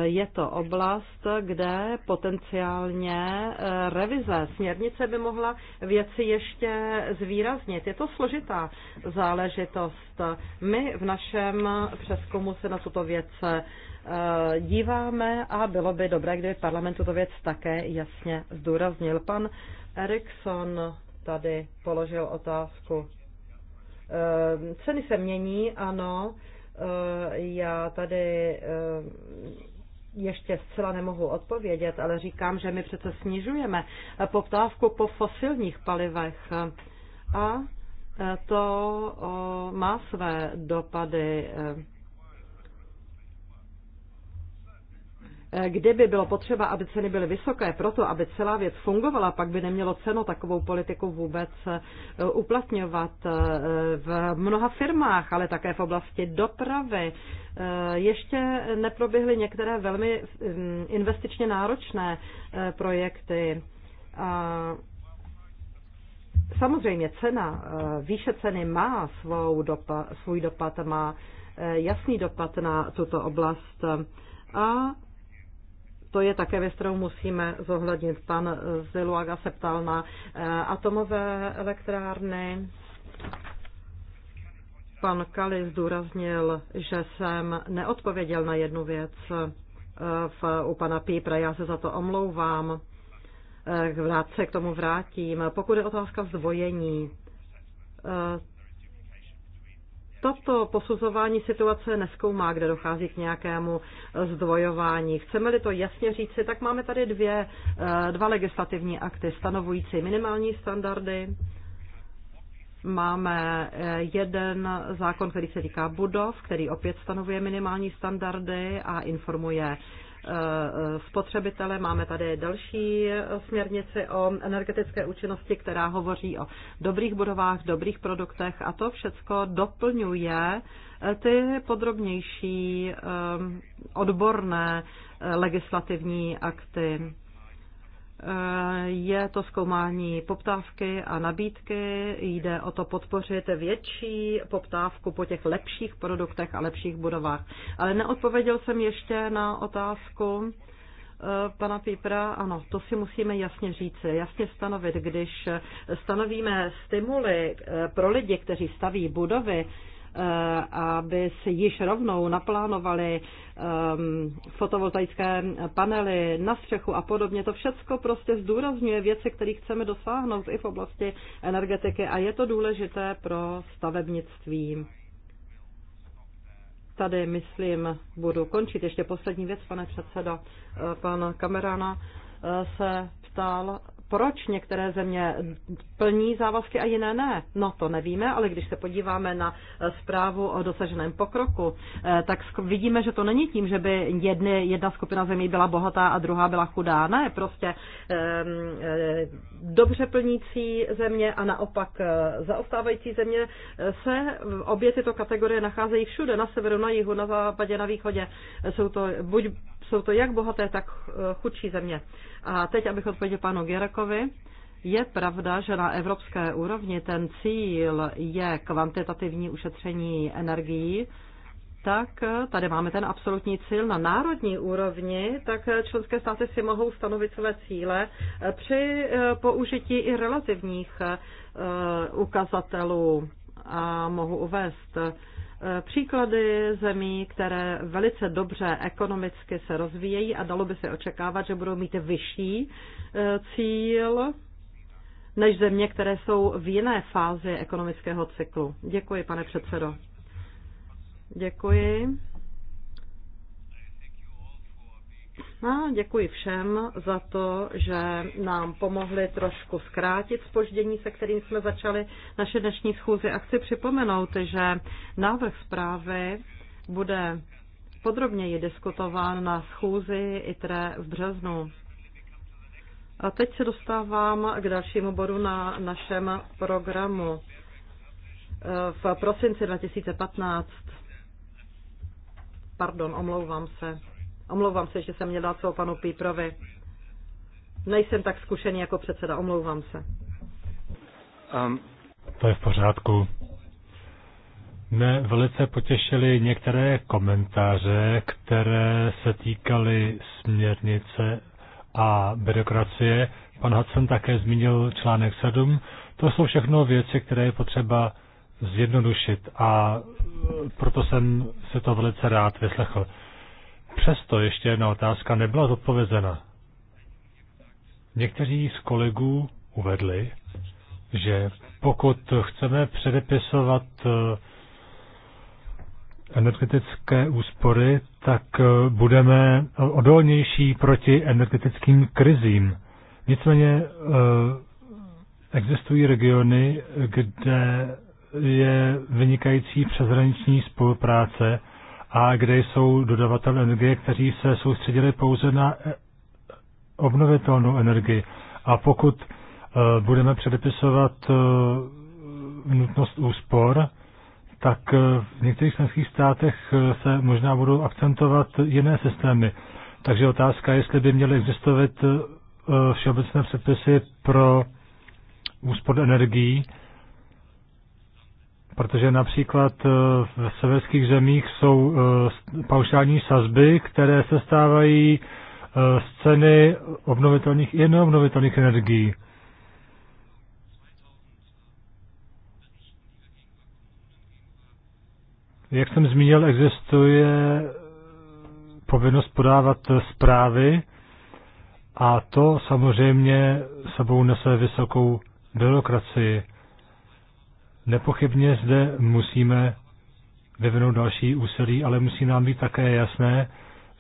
Speaker 3: Je to oblast, kde potenciálně eh, revize směrnice by mohla věci ještě zvýraznit. Je to složitá záležitost. My v našem přeskumu se na tuto věc eh, díváme a bylo by dobré, kdyby parlament tuto věc také jasně zdůraznil. Pan Erikson tady položil otázku. Eh, ceny se mění, ano. Já tady ještě zcela nemohu odpovědět, ale říkám, že my přece snižujeme poptávku po fosilních palivech a to eh, má své dopady eh, Eh, kde by bylo potřeba, aby ceny byly vysoké proto, aby celá věc fungovala, pak by nemělo cenu takovou politiku vůbec eh, uplatňovat eh, v mnoha firmách, ale také v oblasti dopravy. Ještě neproběhly některé velmi hm, investičně náročné projekty. Samozřejmě cena, výše ceny má svou dopa, svůj dopad, má jasný dopad na tuto oblast a to je také věc, kterou musíme zohlednit. Pan Ziluaga se ptal na eh, atomové elektrárny. Pan Kali zdůraznil, že jsem neodpověděl na jednu věc eh, v, u pana Pípra. Já se za to omlouvám. Vrát eh, se k tomu vrátím. Pokud je otázka zdvojení, toto posuzování situace neskoumá, kde dochází k nějakému eh, zdvojování. Chceme-li to jasně říci, tak máme tady dvě, eh, dva legislativní akty stanovující minimální standardy. Máme eh, jeden zákon, který se týká budov, který opět stanovuje minimální standardy a informuje Eh, eh, spotřebitele. Máme tady další eh, směrnici o energetické účinnosti, která hovoří o dobrých budovách, dobrých produktech a to všecko doplňuje ty podrobnější odborné legislativní akty je to zkoumání poptávky a nabídky. Jde o to podpořit větší poptávku po těch lepších produktech a lepších budovách. Ale neodpověděl jsem ještě na otázku eh, pana Pípra. Ano, to si musíme jasně říci, jasně stanovit. Když stanovíme stimuly eh, pro lidi, kteří staví budovy, Eh, aby si již rovnou naplánovali ehm, fotovoltaické panely na střechu a podobně. To všechno prostě zdůrazňuje věci, které chceme dosáhnout i v oblasti energetiky a je to důležité pro stavebnictví. Tady, myslím, budu končit. Ještě poslední věc, pane předsedo. Eh, pan Kamerana eh, se ptal proč některé země plní závazky a jiné ne? No to nevíme, ale když se podíváme na eh, zprávu o dosaženém pokroku, eh, tak vidíme, že to není tím, že by jedny, jedna skupina zemí byla bohatá a druhá byla chudá. Ne, prostě ehm, eh, dobře plnící země a naopak zaostávající země se obě tyto kategorie nacházejí všude, na severu, na jihu, na západě, na východě. Jsou to buď jsou to jak bohaté, tak eh, chudší země. A teď, abych odpověděl panu Gerekovi, je pravda, že na evropské úrovni ten cíl je kvantitativní ušetření energií, tak eh, tady máme ten absolutní cíl na národní úrovni, tak eh, členské státy si mohou stanovit své cíle při použití i relativních ukazatelů. A mohu uvést Eh, příklady zemí, které velice dobře ekonomicky se rozvíjejí a dalo by se očekávat, že budou mít vyšší eh, cíl než země, které jsou v jiné fázi ekonomického cyklu. Děkuji, pane předsedo. Děkuji. No, děkuji všem za to, že nám pomohli trošku zkrátit spoždění, se kterým jsme začali naše dnešní schůzi. A chci připomenout, že návrh zprávy bude podrobněji diskutován na schůzi ITRE v březnu. A teď se dostávám k dalšímu bodu na našem programu. V prosinci 2015, pardon, omlouvám se, Omlouvám se, že jsem měla co panu Píprovi. Nejsem tak zkušený jako předseda, omlouvám se.
Speaker 1: Um, to je v pořádku. Mne velice potěšily některé komentáře, které se týkaly směrnice a byrokracie. Pan Hudson také zmínil článek 7. To jsou všechno věci, které je potřeba zjednodušit a proto jsem se to velice rád vyslechl. Přesto ještě jedna otázka nebyla zodpovězena. Někteří z kolegů uvedli, že pokud chceme předepisovat eh, energetické úspory, tak eh, budeme odolnější proti energetickým krizím. Nicméně eh, existují regiony, kde je vynikající přeshraniční spolupráce a kde jsou dodavatelé energie, kteří se soustředili pouze na eh, obnovitelnou energii. A pokud eh, budeme předepisovat eh, nutnost úspor, tak v některých členských státech se možná budou akcentovat jiné systémy. Takže otázka, jestli by měly existovat všeobecné předpisy pro úspor energií, Protože například eh, v severských zemích jsou eh, paušální sazby, které se stávají eh, z ceny obnovitelných i neobnovitelných energií. Jak jsem zmínil, existuje povinnost podávat zprávy a to samozřejmě sebou nese vysokou byrokracii. Nepochybně zde musíme vyvinout další úsilí, ale musí nám být také jasné,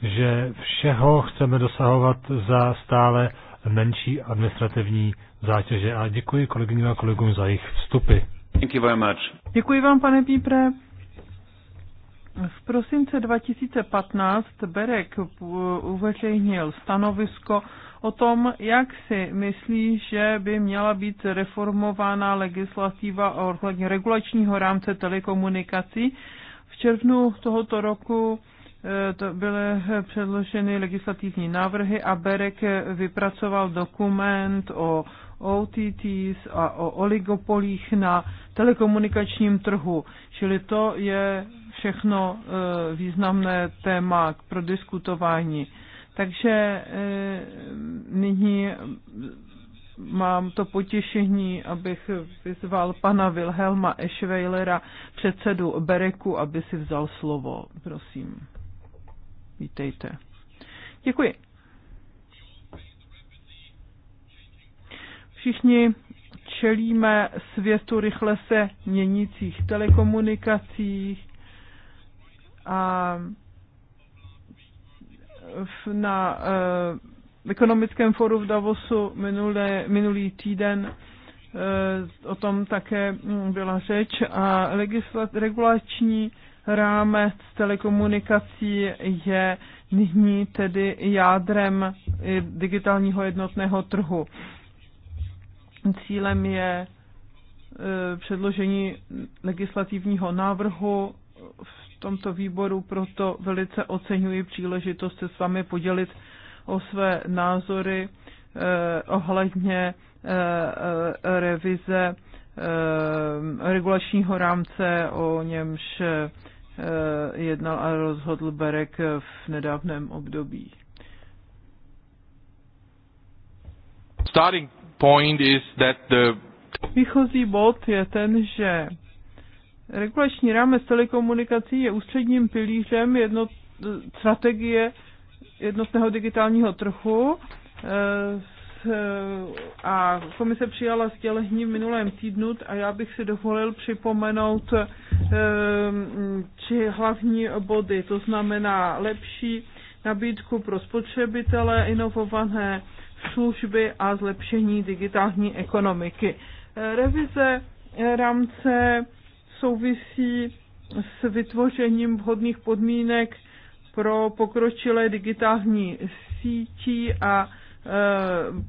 Speaker 1: že všeho chceme dosahovat za stále menší administrativní zátěže. A děkuji kolegyním a kolegům za jejich vstupy. Thank you very much.
Speaker 2: Děkuji vám, pane Pípre. V prosince 2015 Berek uveřejnil stanovisko o tom, jak si myslí, že by měla být reformována legislativa ohledně regulačního rámce telekomunikací. V červnu tohoto roku eh, to byly předloženy legislativní návrhy a Berek vypracoval dokument o OTTs a o oligopolích na telekomunikačním trhu. Čili to je všechno eh, významné téma pro diskutování. Takže eh, nyní mám to potěšení, abych vyzval pana Wilhelma Eschweilera, předsedu Bereku, aby si vzal slovo. Prosím, vítejte. Děkuji. Všichni čelíme světu rychle se měnících telekomunikacích a na eh, ekonomickém fóru v Davosu minulé, minulý týden eh, o tom také hm, byla řeč a legislat, regulační rámec telekomunikací je nyní tedy jádrem digitálního jednotného trhu. Cílem je eh, předložení legislativního návrhu v tomto výboru, proto velice oceňuji příležitost se s vámi podělit o své názory eh, ohledně eh, eh, revize eh, regulačního rámce, o němž eh, jednal a rozhodl Berek v nedávném období.
Speaker 1: Starting point is that the...
Speaker 2: Výchozí bod je ten, že Regulační rámec telekomunikací je ústředním pilířem jedno, strategie jednotného digitálního trhu eh, eh, a komise přijala sdělení v minulém týdnu a já bych si dovolil připomenout eh, tři hlavní body, to znamená lepší nabídku pro spotřebitele, inovované služby a zlepšení digitální ekonomiky. Revize rámce souvisí s vytvořením vhodných podmínek pro pokročilé digitální sítí a e,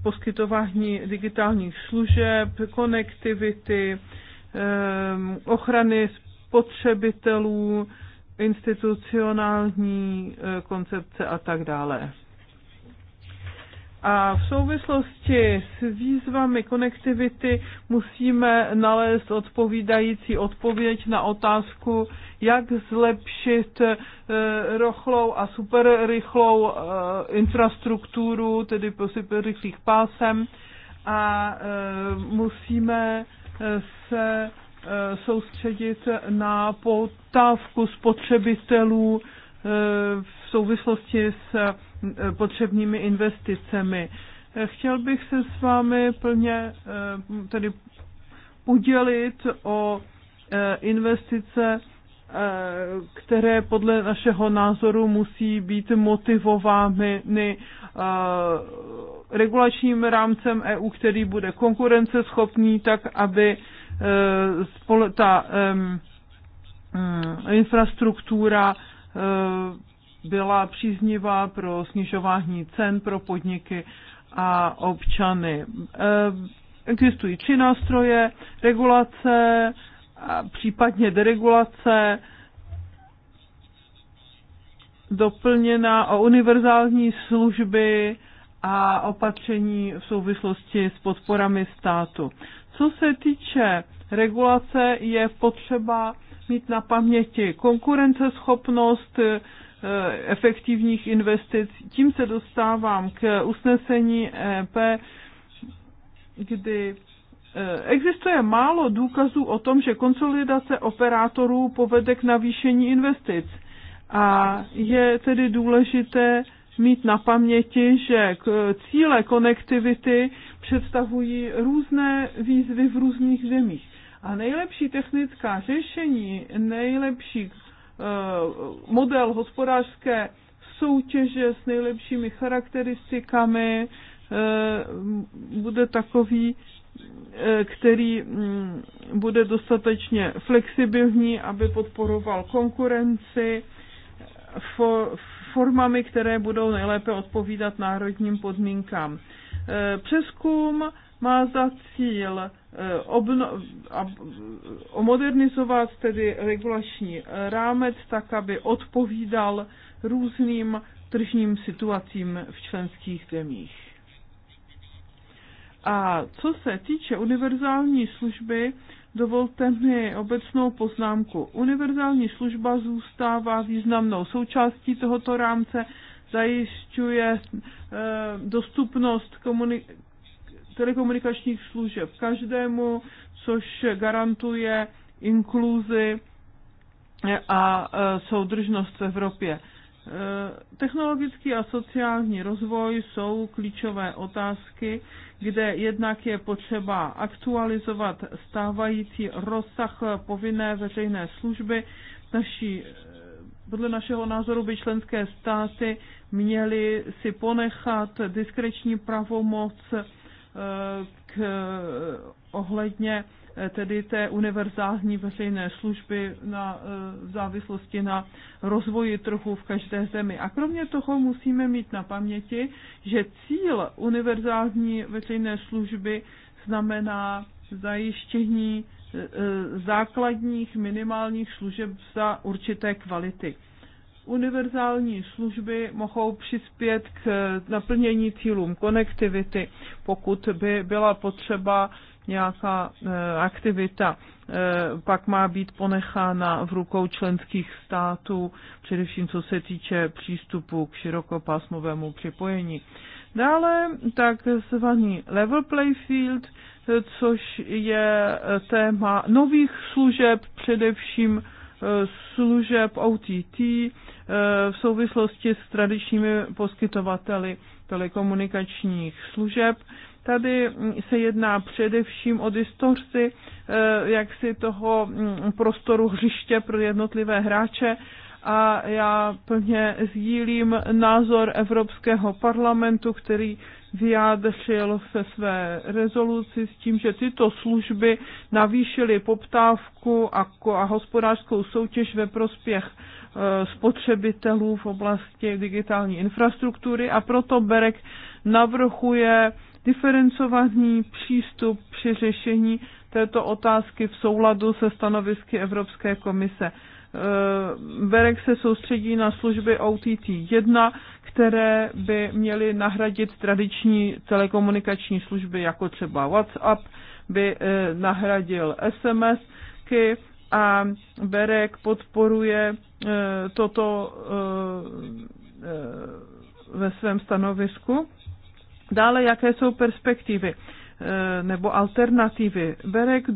Speaker 2: poskytování digitálních služeb, konektivity, e, ochrany spotřebitelů, institucionální e, koncepce a tak dále. A v souvislosti s výzvami konektivity musíme nalézt odpovídající odpověď na otázku, jak zlepšit e, rochlou a superrychlou e, infrastrukturu, tedy po superrychlých pásem. A e, musíme e, se e, soustředit na poptávku spotřebitelů e, v souvislosti s Eh, potřebnými investicemi. Eh, chtěl bych se s vámi plně eh, tedy udělit o investice, které podle našeho názoru musí být motivovány regulačním rámcem EU, který bude konkurenceschopný, tak aby ta infrastruktura byla příznivá pro snižování cen pro podniky a občany. Eh, existují tři nástroje, regulace, a případně deregulace, doplněná o univerzální služby a opatření v souvislosti s podporami státu. Co se týče regulace, je potřeba mít na paměti konkurenceschopnost, Eh, efektivních investic. Tím se dostávám k usnesení EP, kdy eh, Existuje málo důkazů o tom, že konsolidace operátorů povede k navýšení investic. A je tedy důležité mít na paměti, že cíle konektivity představují různé výzvy v různých zemích. A nejlepší technická řešení, nejlepší Eh, model hospodářské soutěže s nejlepšími charakteristikami eh, bude takový, eh, který mm, bude dostatečně flexibilní, aby podporoval konkurenci formami, které budou nejlépe odpovídat národním podmínkám. Přeskum má za cíl Eh, obno, ab, eh, modernizovat tedy regulační rámec tak, aby odpovídal různým tržním situacím v členských zemích. A co se týče univerzální služby, dovolte mi obecnou poznámku. Univerzální služba zůstává významnou součástí tohoto rámce, zajišťuje eh, dostupnost telekomunikačních služeb každému, což garantuje inkluzi a e, soudržnost v Evropě. E, technologický a sociální rozvoj jsou klíčové otázky, kde jednak je potřeba aktualizovat stávající rozsah povinné veřejné služby. Naší, e, podle našeho názoru by členské státy měly si ponechat diskreční pravomoc k, ohledně eh, tedy té univerzální veřejné služby na, eh, v závislosti na rozvoji trhu v každé zemi. A kromě toho musíme mít na paměti, že cíl univerzální veřejné služby znamená zajištění eh, základních minimálních služeb za určité kvality univerzální služby mohou přispět k naplnění cílům konektivity, pokud by byla potřeba nějaká e, aktivita, e, pak má být ponechána v rukou členských států, především co se týče přístupu k širokopásmovému připojení. Dále tak zvaný level play field, což je e, téma nových služeb, především služeb OTT eh, v souvislosti s tradičními poskytovateli telekomunikačních služeb. Tady se jedná především o distorci eh, jaksi toho mm, prostoru hřiště pro jednotlivé hráče a já plně sdílím názor Evropského parlamentu, který vyjádřil se své rezoluci s tím, že tyto služby navýšily poptávku a, a hospodářskou soutěž ve prospěch e, spotřebitelů v oblasti digitální infrastruktury a proto Berek navrhuje diferencovaný přístup při řešení této otázky v souladu se stanovisky Evropské komise. Eh, Berek se soustředí na služby OTT1, které by měly nahradit tradiční telekomunikační služby, jako třeba WhatsApp by eh, nahradil SMSky a Berek podporuje eh, toto ve svém stanovisku. Dále, jaké jsou perspektivy nebo alternativy. Berek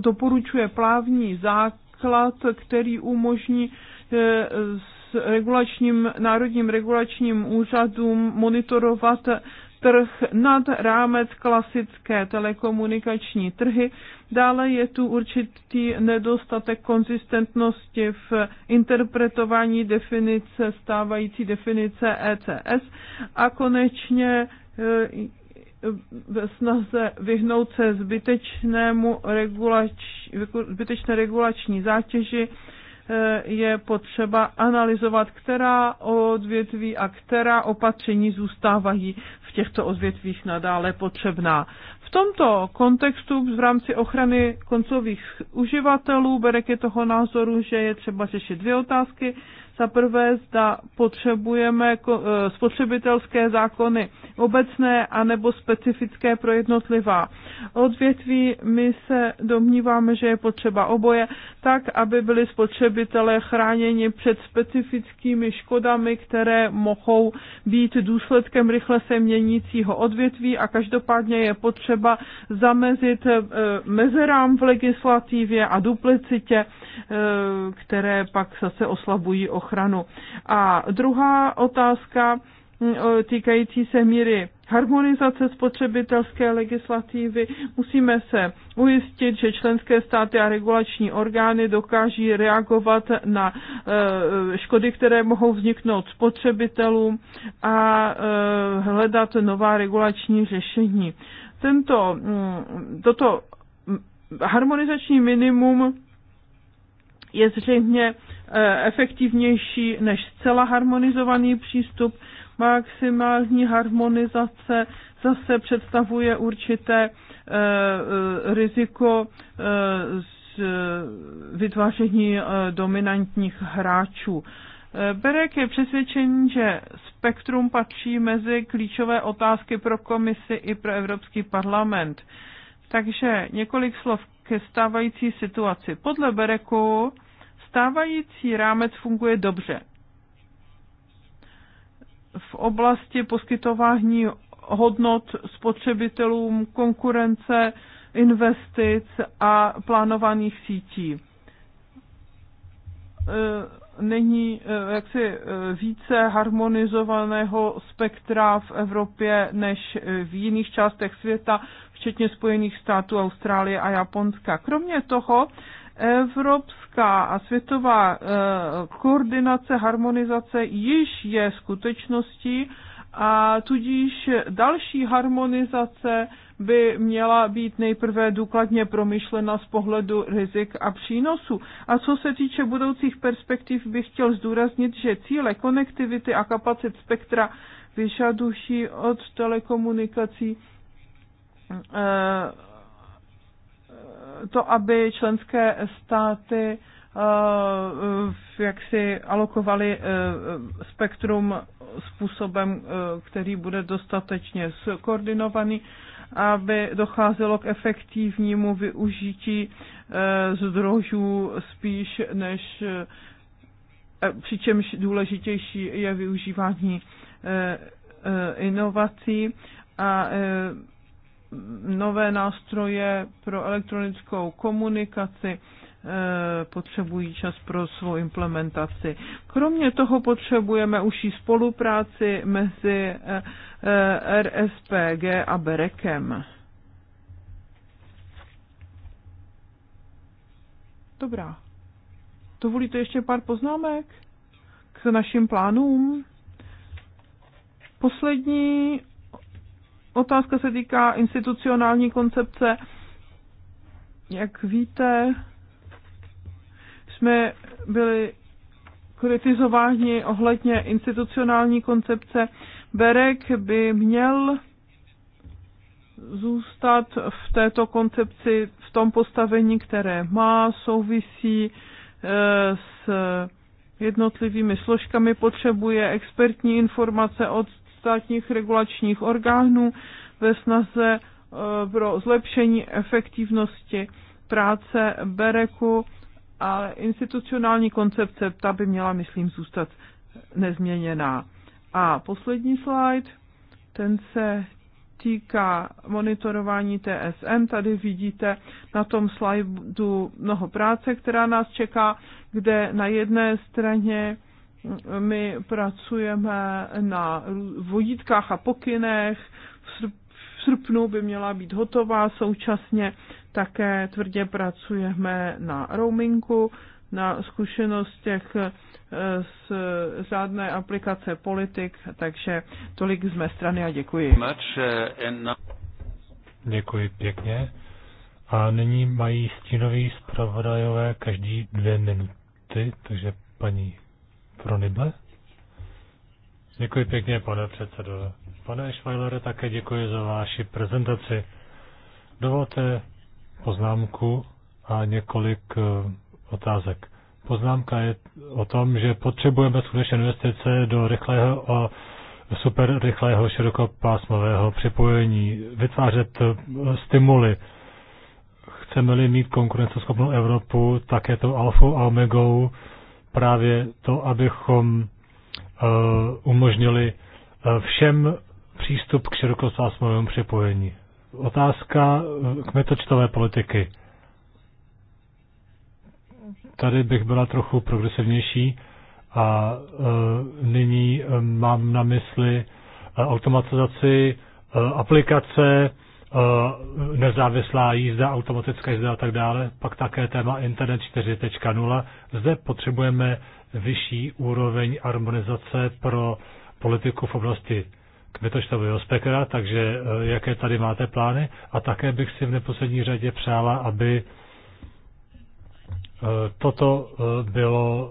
Speaker 2: doporučuje právní zákon, podklad, který umožní eh, s regulačním, národním regulačním úřadům monitorovat trh nad rámec klasické telekomunikační trhy. Dále je tu určitý nedostatek konzistentnosti v interpretování definice, stávající definice ECS a konečně eh, ve snaze vyhnout se zbytečnému regulač, zbytečné regulační zátěži eh, je potřeba analyzovat, která odvětví a která opatření zůstávají v těchto odvětvích nadále potřebná. V tomto kontextu v rámci ochrany koncových uživatelů Berek je toho názoru, že je třeba řešit dvě otázky. Za prvé, zda potřebujeme eh, spotřebitelské zákony obecné anebo specifické pro jednotlivá odvětví. My se domníváme, že je potřeba oboje, tak, aby byli spotřebitelé chráněni před specifickými škodami, které mohou být důsledkem rychle se měnícího odvětví a každopádně je potřeba zamezit eh, mezerám v legislativě a duplicitě, eh, které pak zase oslabují ochranu ochranu. A druhá otázka mm, týkající se míry harmonizace spotřebitelské legislativy. Musíme se ujistit, že členské státy a regulační orgány dokáží reagovat na e, škody, které mohou vzniknout spotřebitelům a e, hledat nová regulační řešení. Tento, mm, toto harmonizační minimum je zřejmě eh, efektivnější než zcela harmonizovaný přístup. Maximální harmonizace zase představuje určité eh, eh, riziko z vytváření dominantních hráčů. Berek je přesvědčen, že spektrum patří mezi klíčové otázky pro komisi i pro Evropský parlament. Takže několik slov ke stávající situaci. Podle Bereku Stávající rámec funguje dobře. V oblasti poskytování hodnot spotřebitelům, konkurence, investic a plánovaných sítí. E, není e, jaksi e, více harmonizovaného spektra v Evropě než v jiných částech světa, včetně Spojených států, Austrálie a Japonska. Kromě toho Evropská a světová eh, koordinace, harmonizace již je skutečností a tudíž další harmonizace by měla být nejprve důkladně promyšlena z pohledu rizik a přínosů. A co se týče budoucích perspektiv, bych chtěl zdůraznit, že cíle konektivity a kapacit spektra vyžadují od telekomunikací eh, to, aby členské státy eh, jak si alokovali eh, spektrum způsobem, eh, který bude dostatečně skoordinovaný, aby docházelo k efektivnímu využití zdrožů spíš než přičemž důležitější je využívání inovací a nové nástroje pro elektronickou komunikaci eh, potřebují čas pro svou implementaci. Kromě toho potřebujeme užší spolupráci mezi eh, eh, RSPG a Berekem. Dobrá. Dovolíte ještě pár poznámek k našim plánům? Poslední Otázka se týká institucionální koncepce. Jak víte, jsme byli kritizováni ohledně institucionální koncepce. Berek by měl zůstat v této koncepci, v tom postavení, které má, souvisí e, s jednotlivými složkami, potřebuje expertní informace od státních regulačních orgánů ve snaze e, pro zlepšení efektivnosti práce Bereku, ale institucionální koncepce ta by měla, myslím, zůstat nezměněná. A poslední slide, ten se týká monitorování TSM. Tady vidíte na tom slajdu mnoho práce, která nás čeká, kde na jedné straně my pracujeme na vodítkách a pokynech, v srpnu by měla být hotová, současně také tvrdě pracujeme na roamingu, na zkušenostech eh, z řádné aplikace politik, takže tolik z mé strany a děkuji.
Speaker 1: Eh, děkuji pěkně. A nyní mají stínový zpravodajové každý dvě minuty, takže paní pro nebe. Děkuji pěkně, pane předsedo. Pane Schweilere, také děkuji za vaši prezentaci. Dovolte poznámku a několik eh, otázek. Poznámka je o tom, že potřebujeme skutečně investice do rychlého a super rychlého širokopásmového připojení, vytvářet eh, stimuly. Chceme-li mít konkurenceschopnou Evropu, tak je to alfou a omegou právě to, abychom eh, umožnili eh, všem přístup k širokopásmovému připojení. Otázka eh, k metočtové politiky. Tady bych byla trochu progresivnější a nyní mám na mysli automatizaci aplikace Eh, nezávislá jízda, automatická jízda a tak dále, pak také téma Internet 4.0. Zde potřebujeme vyšší úroveň harmonizace pro politiku v oblasti kmitočtového spektra, takže eh, jaké tady máte plány a také bych si v neposlední řadě přála, aby eh, toto bylo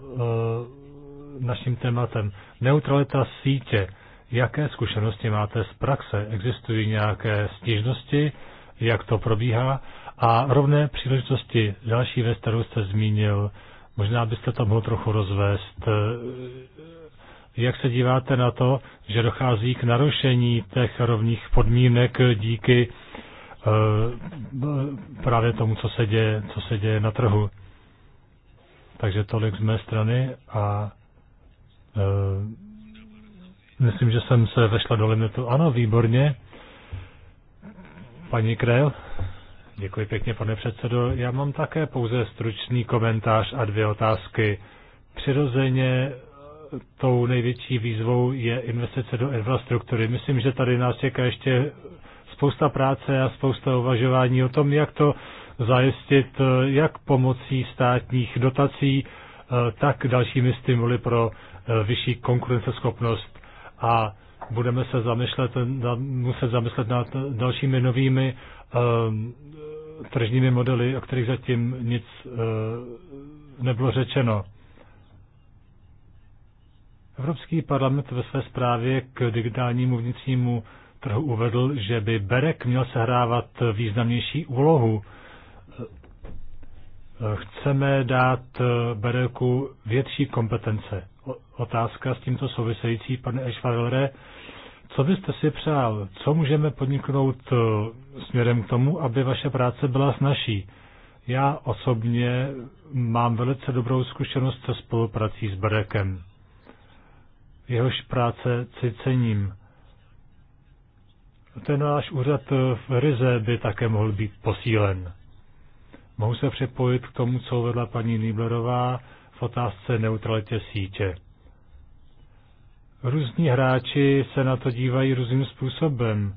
Speaker 1: naším tématem. Neutralita sítě. Jaké zkušenosti máte z praxe? Existují nějaké stížnosti? Jak to probíhá? A rovné příležitosti, další věc, kterou jste zmínil, možná byste to mohl trochu rozvést. Eh, jak se díváte na to, že dochází k narušení těch rovných podmínek díky eh, právě tomu, co se děje, co se děje na trhu? Takže tolik z mé strany a eh, Myslím, že jsem se vešla do limitu. Ano, výborně. Paní Krejl. Děkuji pěkně, pane předsedo. Já mám také pouze stručný komentář a dvě otázky. Přirozeně eh, tou největší výzvou je investice do infrastruktury. Myslím, že tady nás čeká ještě spousta práce a spousta uvažování o tom, jak to zajistit, eh, jak pomocí státních dotací, eh, tak dalšími stimuly pro vyšší konkurenceschopnost a budeme se zamyslet, muset zamyslet nad dalšími novými um, tržními modely, o kterých zatím nic uh, nebylo řečeno. Evropský parlament ve své zprávě k digitálnímu vnitřnímu trhu uvedl, že by Berek měl sehrávat významnější úlohu. Eh, chceme dát eh, Bereku větší kompetence otázka s tímto související, pane Ešvadelre. Co byste si přál? Co můžeme podniknout eh, směrem k tomu, aby vaše práce byla snažší? Já osobně mám velice dobrou zkušenost se spoluprací s Berekem. Jehož práce si cením. Ten náš úřad eh, v Rize by také mohl být posílen. Mohu se připojit k tomu, co vedla paní Nýblerová v otázce neutralitě sítě. Různí hráči se na to dívají různým způsobem,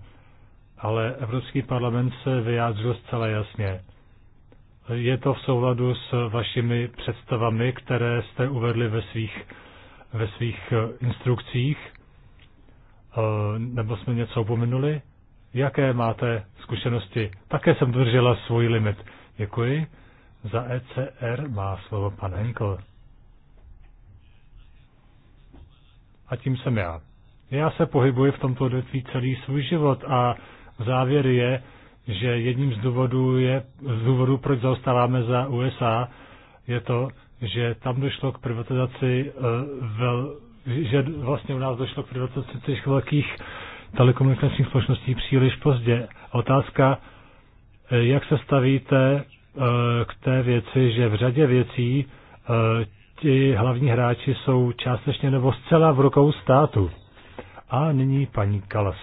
Speaker 1: ale Evropský parlament se vyjádřil zcela jasně. Je to v souladu s vašimi představami, které jste uvedli ve svých, ve svých eh, instrukcích? Eh, nebo jsme něco opomenuli? Jaké máte zkušenosti? Také jsem držela svůj limit. Děkuji. Za ECR má slovo pan Henkel. a tím jsem já. Já se pohybuji v tomto odvětví celý svůj život a závěr je, že jedním z důvodů, je, z důvodů proč zaostáváme za USA, je to, že tam došlo k privatizaci, eh, že vlastně u nás došlo k privatizaci těch velkých telekomunikačních společností příliš pozdě. Otázka, eh, jak se stavíte eh, k té věci, že v řadě věcí ti hlavní hráči jsou částečně nebo zcela v rukou státu. A nyní paní Kalas.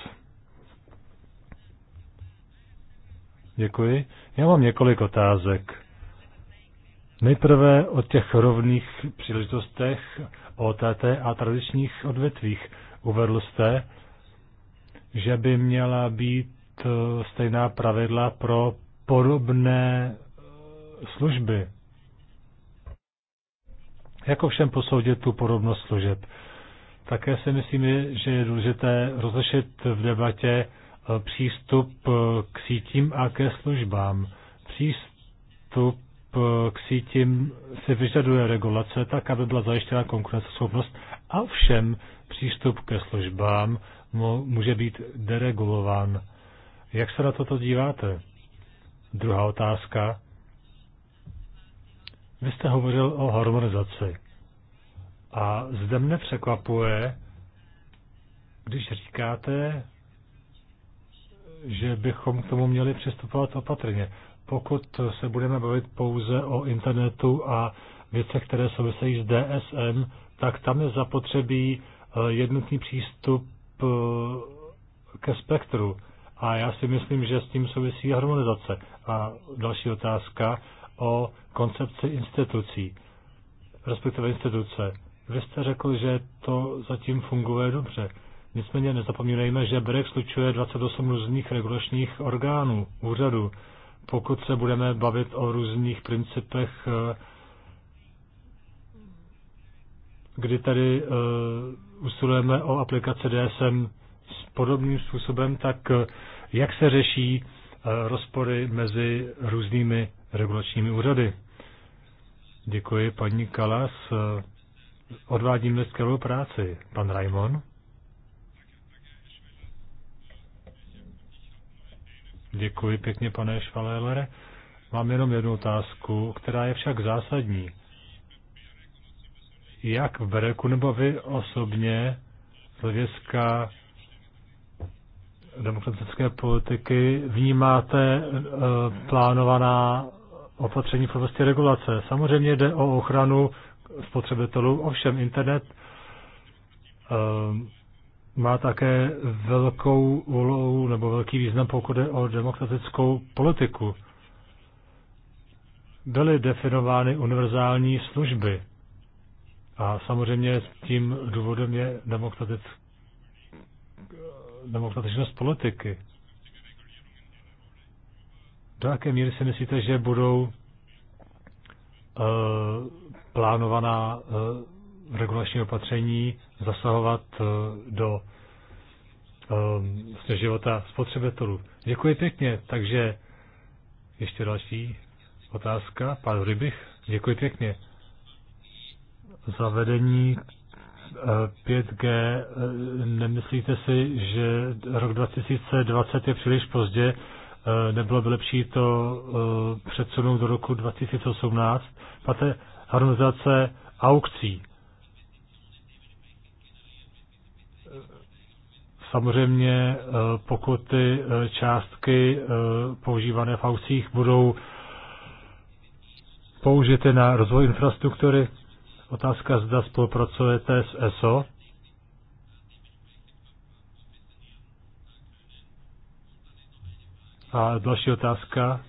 Speaker 1: Děkuji. Já mám několik otázek. Nejprve o těch rovných příležitostech OTT a tradičních odvětvích. Uvedl jste, že by měla být stejná pravidla pro podobné služby jak ovšem posoudit tu podobnost služeb. Také si myslím, že je důležité rozlišit v debatě e, přístup e, k sítím a ke službám. Přístup e, k sítím si vyžaduje regulace tak, aby byla zajištěna konkurenceschopnost a všem přístup ke službám může být deregulován. Jak se na toto díváte? Druhá otázka. Vy jste hovořil o harmonizaci. A zde mne překvapuje, když říkáte, že bychom k tomu měli přistupovat opatrně. Pokud se budeme bavit pouze o internetu a věcech, které souvisejí s DSM, tak tam je zapotřebí eh, jednotný přístup eh, ke spektru. A já si myslím, že s tím souvisí harmonizace. A další otázka, o koncepci institucí, respektive instituce. Vy jste řekl, že to zatím funguje dobře. Nicméně nezapomínejme, že BREX slučuje 28 různých regulačních orgánů, úřadů. Pokud se budeme bavit o různých principech, eh, kdy tady eh, usilujeme o aplikaci DSM s podobným způsobem, tak eh, jak se řeší rozpory mezi různými regulačními úřady. Děkuji paní Kalas. Odvádím skvělou práci. Pan Raimon. Děkuji pěkně, pane Švalélere. Mám jenom jednu otázku, která je však zásadní. Jak v Bereku nebo vy osobně z hlediska demokratické politiky vnímáte eh, plánovaná opatření v oblasti regulace. Samozřejmě jde o ochranu spotřebitelů, ovšem internet ehm, má také velkou úlohu nebo velký význam, pokud jde o demokratickou politiku. Byly definovány univerzální služby a samozřejmě tím důvodem je demokratic, demokratičnost politiky. Do jaké míry si myslíte, že budou eh, plánovaná eh, regulační opatření zasahovat eh, do uh, života spotřebitelů. Děkuji pěkně. Takže ještě další otázka. Pán Rybich, děkuji pěkně. Zavedení 5G, nemyslíte si, že rok 2020 je příliš pozdě Eh, nebylo by lepší to eh, předsunout do roku 2018, Máte harmonizace aukcí. Eh, samozřejmě, pokud ty částky používané v aukcích budou použity na rozvoj infrastruktury, otázka zda spolupracujete s ESO, A další otázka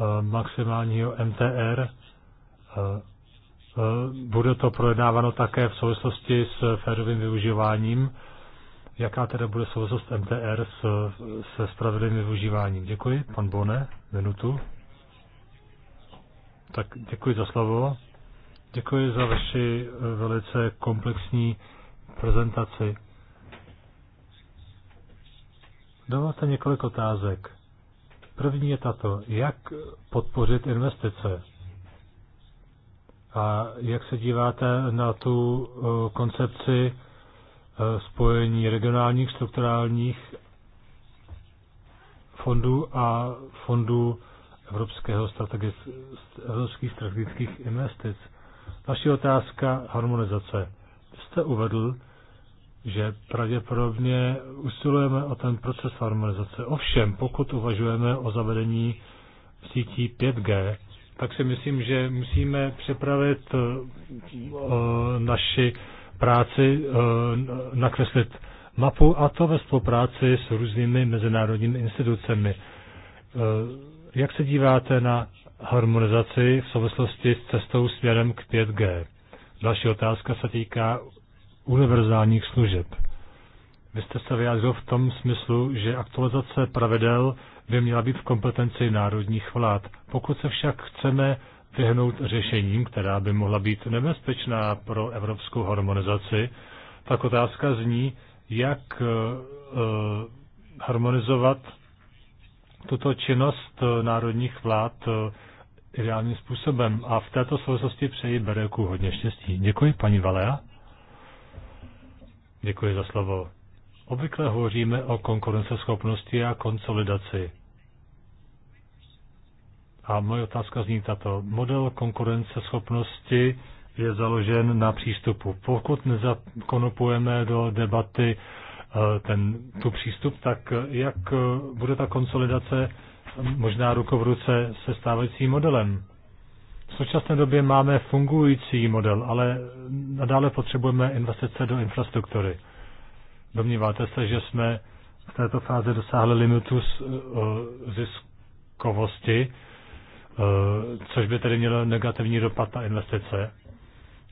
Speaker 1: eh, maximálního MTR. Eh, eh, bude to projednáváno také v souvislosti s férovým využíváním. Jaká teda bude souvislost MTR s, se spravedlivým využíváním? Děkuji. Pan Bone, minutu. Tak děkuji za slovo. Děkuji za vaši velice komplexní prezentaci. Dovolte několik otázek. První je tato. Jak podpořit investice? A jak se díváte na tu eh, koncepci eh, spojení regionálních strukturálních fondů a fondů Evropského strategic, evropských strategických investic? Naši otázka harmonizace. Jste uvedl, že pravděpodobně usilujeme o ten proces harmonizace. Ovšem, pokud uvažujeme o zavedení sítí 5G, tak si myslím, že musíme přepravit eh, naši práci, eh, nakreslit mapu a to ve spolupráci s různými mezinárodními institucemi. Eh, jak se díváte na harmonizaci v souvislosti s cestou směrem k 5G? Další otázka se týká univerzálních služeb. Vy jste se vyjádřil v tom smyslu, že aktualizace pravidel by měla být v kompetenci národních vlád. Pokud se však chceme vyhnout řešením, která by mohla být nebezpečná pro evropskou harmonizaci, tak otázka zní, jak eh, eh, harmonizovat tuto činnost eh, národních vlád ideálním způsobem. A v této souvislosti přeji Bereku hodně štěstí. Děkuji, paní Valea. Děkuji za slovo. Obvykle hovoříme o konkurenceschopnosti a konsolidaci. A moje otázka zní tato. Model konkurenceschopnosti je založen na přístupu. Pokud nezakonopujeme do debaty eh, ten, tu přístup, tak jak eh, bude ta konsolidace možná ruku v ruce se stávajícím modelem? V současné době máme fungující model, ale nadále potřebujeme investice do infrastruktury. Domníváte se, že jsme v této fázi dosáhli limitu eh, ziskovosti, eh, což by tedy mělo negativní dopad na investice.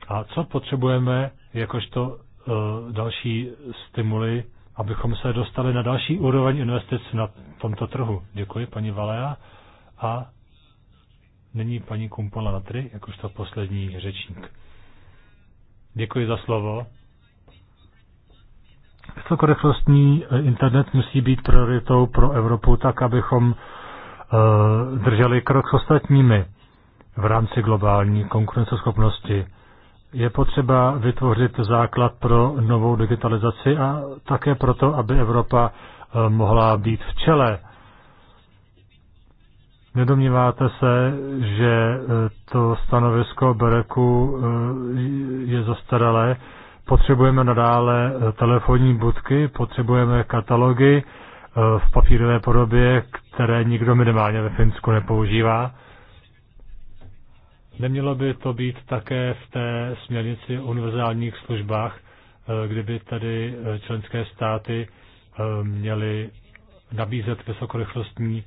Speaker 1: A co potřebujeme jakožto eh, další stimuly, abychom se dostali na další úroveň investic na tomto trhu? Děkuji, paní Valea. A Nyní paní Kumpola Natry, jakožto poslední řečník. Děkuji za slovo. Vysokorychlostní eh, internet musí být prioritou pro Evropu tak, abychom uh, drželi krok s ostatními v rámci globální konkurenceschopnosti. Je potřeba vytvořit základ pro novou digitalizaci a také proto, aby Evropa eh, mohla být v čele Nedomníváte se, že e, to stanovisko Bereku e, je zastaralé? Potřebujeme nadále e, telefonní budky, potřebujeme katalogy v papírové podobě, které nikdo minimálně ve Finsku nepoužívá. Nemělo by to být také v té směrnici o univerzálních službách, kdyby tady členské státy měly nabízet vysokorychlostní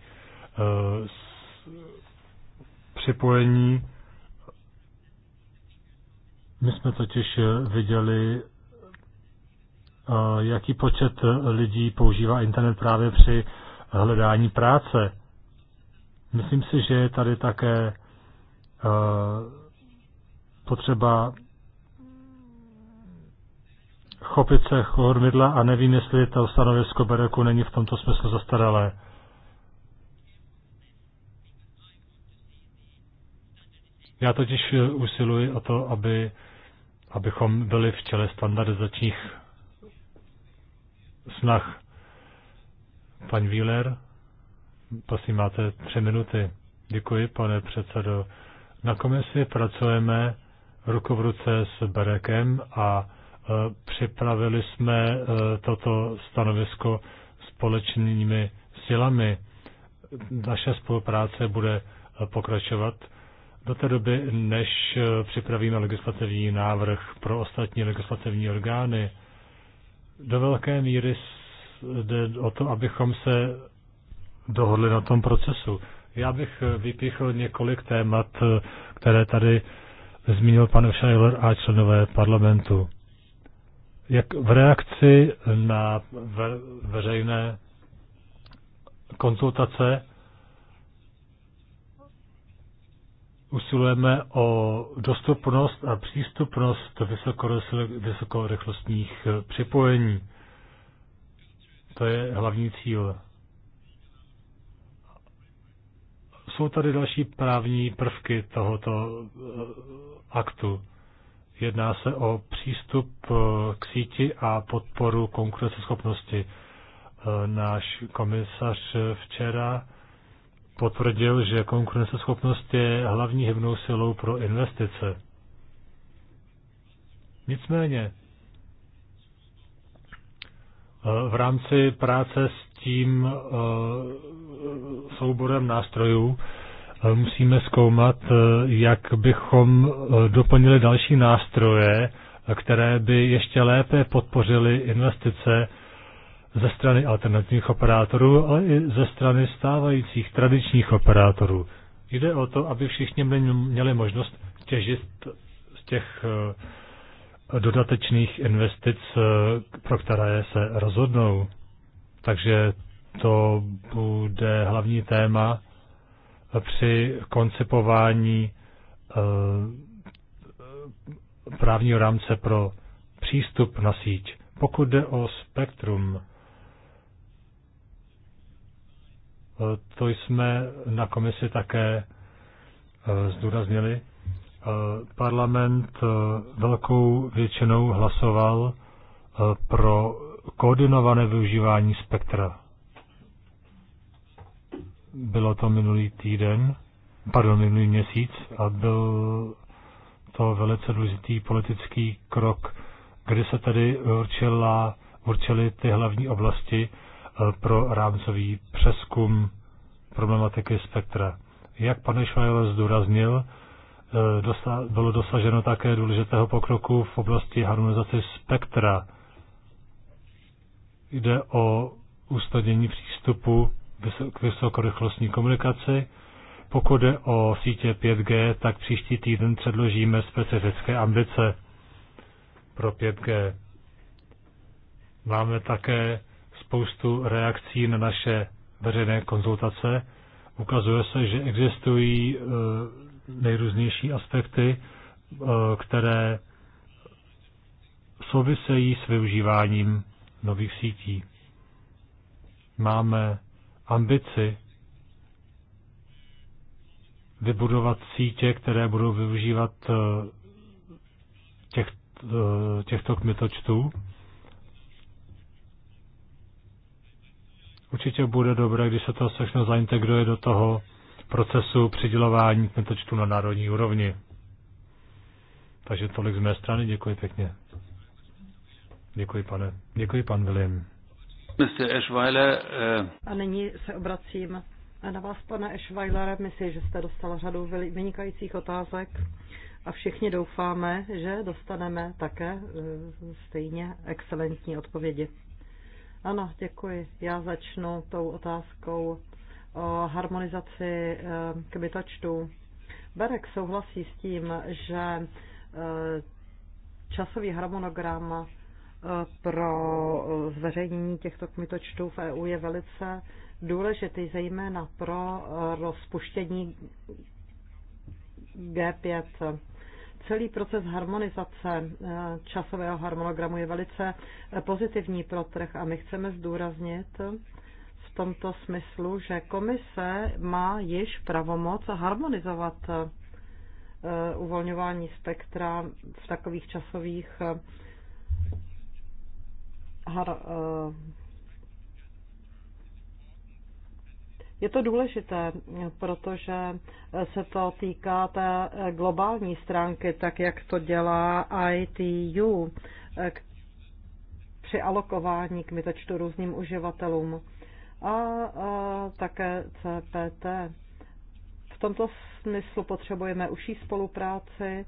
Speaker 1: připojení. My jsme totiž viděli, eh, jaký počet lidí používá internet právě při hledání práce. Myslím si, že je tady také eh, potřeba chopit se chormidla a nevím, jestli to stanovisko Bereku není v tomto smyslu zastaralé. Já totiž eh, usiluji o to, aby, abychom byli v čele standardizačních snah. Pan Wheeler, prosím, máte tři minuty. Děkuji, pane předsedo. Na komisi pracujeme ruku v ruce s Berekem a eh, připravili jsme eh, toto stanovisko společnými silami. Naše spolupráce bude pokračovat do té doby, než eh, připravíme legislativní návrh pro ostatní legislativní orgány. Do velké míry jde o to, abychom se dohodli na tom procesu. Já bych eh, vypíchl několik témat, eh, které tady zmínil pan Scheiler a členové parlamentu. Jak v reakci na veřejné konzultace usilujeme o dostupnost a přístupnost vysokorychlostních eh, připojení. To je hlavní cíl. Jsou tady další právní prvky tohoto eh, aktu. Jedná se o přístup eh, k síti a podporu konkurenceschopnosti. Náš komisař včera potvrdil, že konkurenceschopnost je hlavní hybnou silou pro investice. Nicméně, eh, v rámci práce s tím eh, souborem nástrojů eh, musíme zkoumat, jak bychom doplnili další nástroje, které by ještě lépe podpořily investice ze strany alternativních operátorů, ale i ze strany stávajících tradičních operátorů. Jde o to, aby všichni měli možnost těžit z těch eh, dodatečných investic, eh, pro které se rozhodnou. Takže to bude hlavní téma při koncipování eh, právního rámce pro přístup na síť. Pokud jde o spektrum, Eh, to jsme na komisi také eh, zdůraznili. Eh, parlament velkou většinou hlasoval pro koordinované využívání spektra. Bylo to minulý týden, pardon, minulý měsíc a byl to velice důležitý politický krok, kdy se tedy určila, určily ty hlavní oblasti, Eh, pro rámcový přeskum problematiky spektra. Jak pan Švajl zdůraznil, eh, bylo dosaženo také důležitého pokroku v oblasti harmonizace spektra. Jde o usnadnění přístupu k vysokorychlostní komunikaci. Pokud jde o sítě 5G, tak příští týden předložíme specifické ambice pro 5G. Máme také spoustu reakcí na naše veřejné konzultace. Ukazuje se, že existují e, nejrůznější aspekty, e, které souvisejí s využíváním nových sítí. Máme ambici vybudovat sítě, které budou využívat e, těch, těchto kmitočtů. Určitě bude dobré, když se to všechno zaintegruje do toho procesu přidělování kmetočtu na národní úrovni. Takže tolik z mé strany, děkuji pěkně. Děkuji, pane. Děkuji, pan William. Eschweiler, eh,
Speaker 3: A nyní se obracím na vás, pane Eschweilere. Myslím, že jste dostala řadu vynikajících otázek a všichni doufáme, že dostaneme také eh, stejně excelentní odpovědi. Ano, děkuji. Já začnu tou otázkou o harmonizaci eh, kmitočtů. Berek souhlasí s tím, že eh, časový harmonogram eh, pro zveřejnění těchto kmitočtů v EU je velice důležitý, zejména pro rozpuštění G5 Celý proces harmonizace eh, časového harmonogramu je velice eh, pozitivní pro trh a my chceme zdůraznit v tomto smyslu, že komise má již pravomoc harmonizovat eh, uvolňování spektra v takových časových Je to důležité, protože se to týká té globální stránky, tak jak to dělá ITU při alokování kmitočtu různým uživatelům a, a také CPT. V tomto smyslu potřebujeme užší spolupráci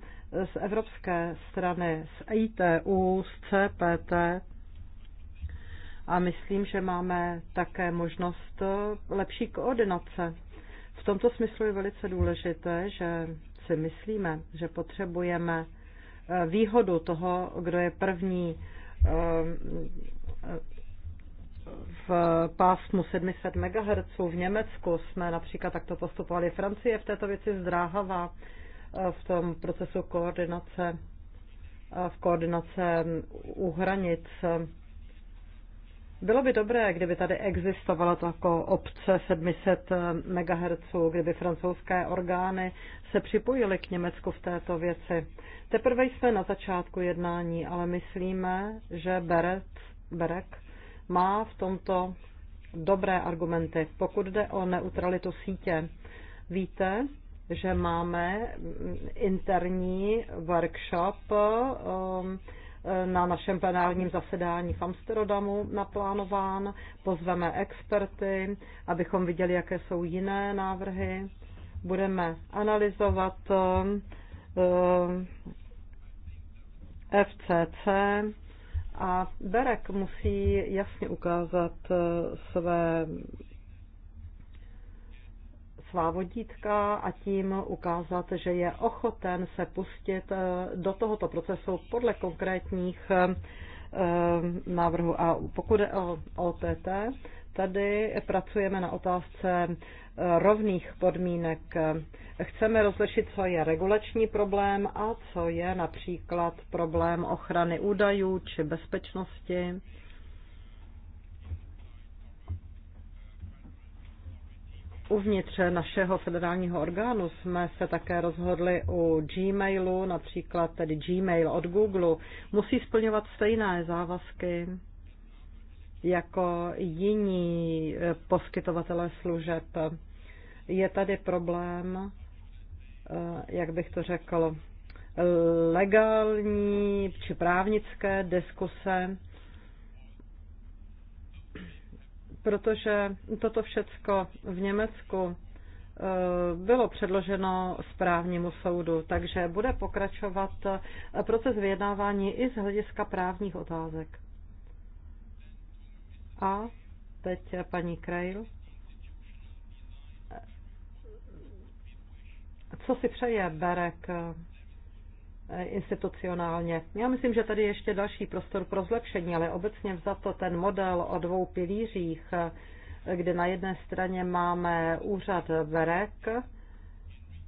Speaker 3: z evropské strany, s ITU, s CPT a myslím, že máme také možnost eh, lepší koordinace. V tomto smyslu je velice důležité, že si myslíme, že potřebujeme eh, výhodu toho, kdo je první eh, v pásmu 700 MHz v Německu jsme například takto postupovali. Francie v této věci zdráhavá v tom procesu koordinace, v koordinace u hranic bylo by dobré, kdyby tady existovala jako obce 700 eh, MHz, kdyby francouzské orgány se připojily k Německu v této věci. Teprve jsme na začátku jednání, ale myslíme, že Beret, Berek má v tomto dobré argumenty. Pokud jde o neutralitu sítě, víte, že máme interní workshop, um, na našem plenárním zasedání v Amsterdamu naplánován. Pozveme experty, abychom viděli, jaké jsou jiné návrhy. Budeme analyzovat eh, FCC a Berek musí jasně ukázat eh, své svá vodítka a tím ukázat, že je ochoten se pustit eh, do tohoto procesu podle konkrétních eh, eh, návrhů. A pokud je o OTT, tady pracujeme na otázce rovných podmínek. Chceme rozlišit, co je regulační problém a co je například problém ochrany údajů či bezpečnosti Uvnitř našeho federálního orgánu jsme se také rozhodli u Gmailu, například tedy Gmail od Google, musí splňovat stejné závazky jako jiní eh, poskytovatelé služeb. Je tady problém, eh, jak bych to řekl, legální či právnické diskuse protože toto všecko v Německu eh, bylo předloženo správnímu soudu, takže bude pokračovat eh, proces vyjednávání i z hlediska právních otázek. A teď eh, paní Krejl. Co si přeje Berek Eh, institucionálně. Já myslím, že tady ještě další prostor pro zlepšení, ale obecně vzato ten model o dvou pilířích, eh, kde na jedné straně máme úřad BEREK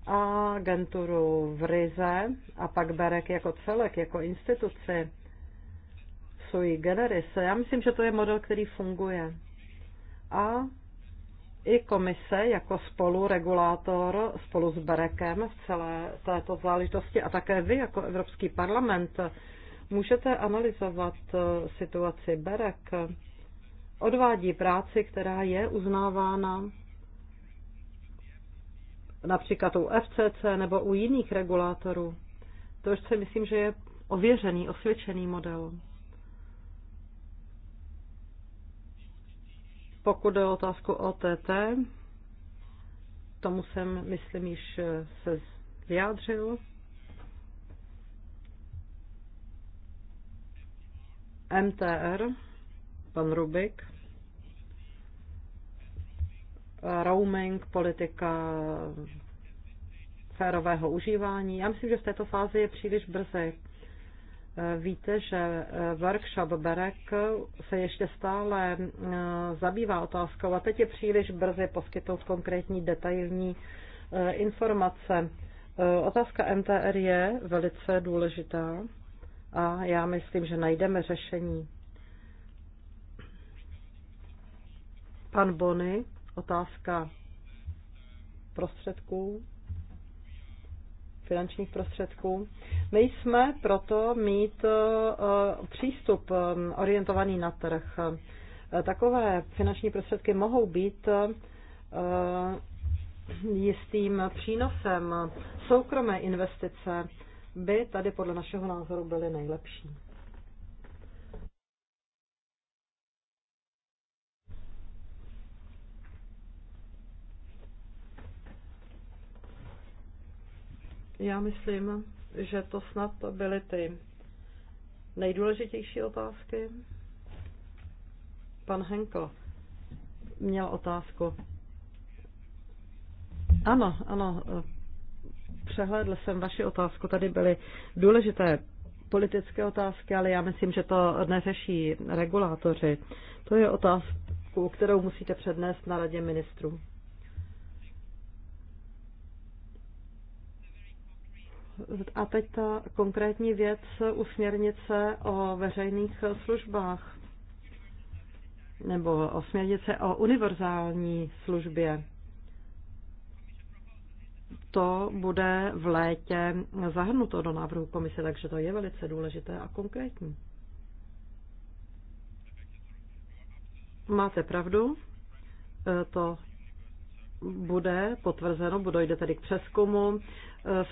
Speaker 3: a agenturu v Rize a pak BEREK jako celek, jako instituci sui generis. Já myslím, že to je model, který funguje. A i komise jako spoluregulátor spolu s Berekem v celé této záležitosti a také vy jako Evropský parlament můžete analyzovat eh, situaci. Berek odvádí práci, která je uznávána například u FCC nebo u jiných regulátorů. To si myslím, že je ověřený, osvědčený model. Pokud jde o otázku OTT, tomu jsem, myslím, již eh, se vyjádřil. MTR, pan Rubik, roaming, politika férového užívání. Já myslím, že v této fázi je příliš brzy Eh, víte, že eh, workshop Berek se ještě stále eh, zabývá otázkou a teď je příliš brzy poskytnout konkrétní detailní informace. Otázka MTR je velice důležitá a já myslím, že najdeme řešení. Pan Bony, otázka prostředků finančních prostředků. My jsme proto mít eh, eh, přístup eh, orientovaný na trh. Takové finanční prostředky mohou být jistým přínosem. Soukromé investice by tady podle našeho názoru byly nejlepší. Já myslím, že to snad byly ty nejdůležitější otázky. Pan Henko měl otázku. Ano, ano, přehlédl jsem vaši otázku. Tady byly důležité politické otázky, ale já myslím, že to neřeší regulátoři. To je otázku, kterou musíte přednést na radě ministrů. A teď ta konkrétní věc u směrnice o veřejných službách nebo o směrnice o univerzální službě. To bude v létě zahrnuto do návrhu komise, takže to je velice důležité a konkrétní. Máte pravdu, to bude potvrzeno, dojde tedy k přeskumu e,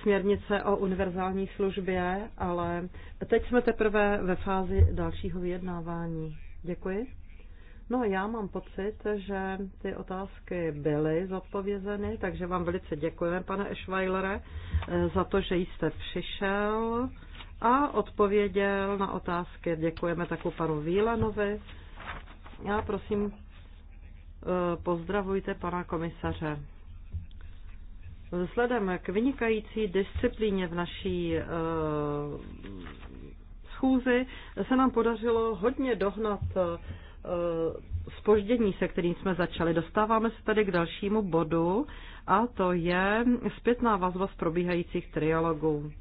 Speaker 3: směrnice o univerzální službě, ale teď jsme teprve ve fázi dalšího vyjednávání. Děkuji. No já mám pocit, že ty otázky byly zodpovězeny, takže vám velice děkujeme, pane Eschweilere, e, za to, že jste přišel a odpověděl na otázky. Děkujeme taku panu Vílanovi. Já prosím Eh, pozdravujte pana komisaře. Vzhledem k vynikající disciplíně v naší eh, schůzi se nám podařilo hodně dohnat spoždění, eh, se kterým jsme začali. Dostáváme se tady k dalšímu bodu a to je zpětná vazba z probíhajících trialogů.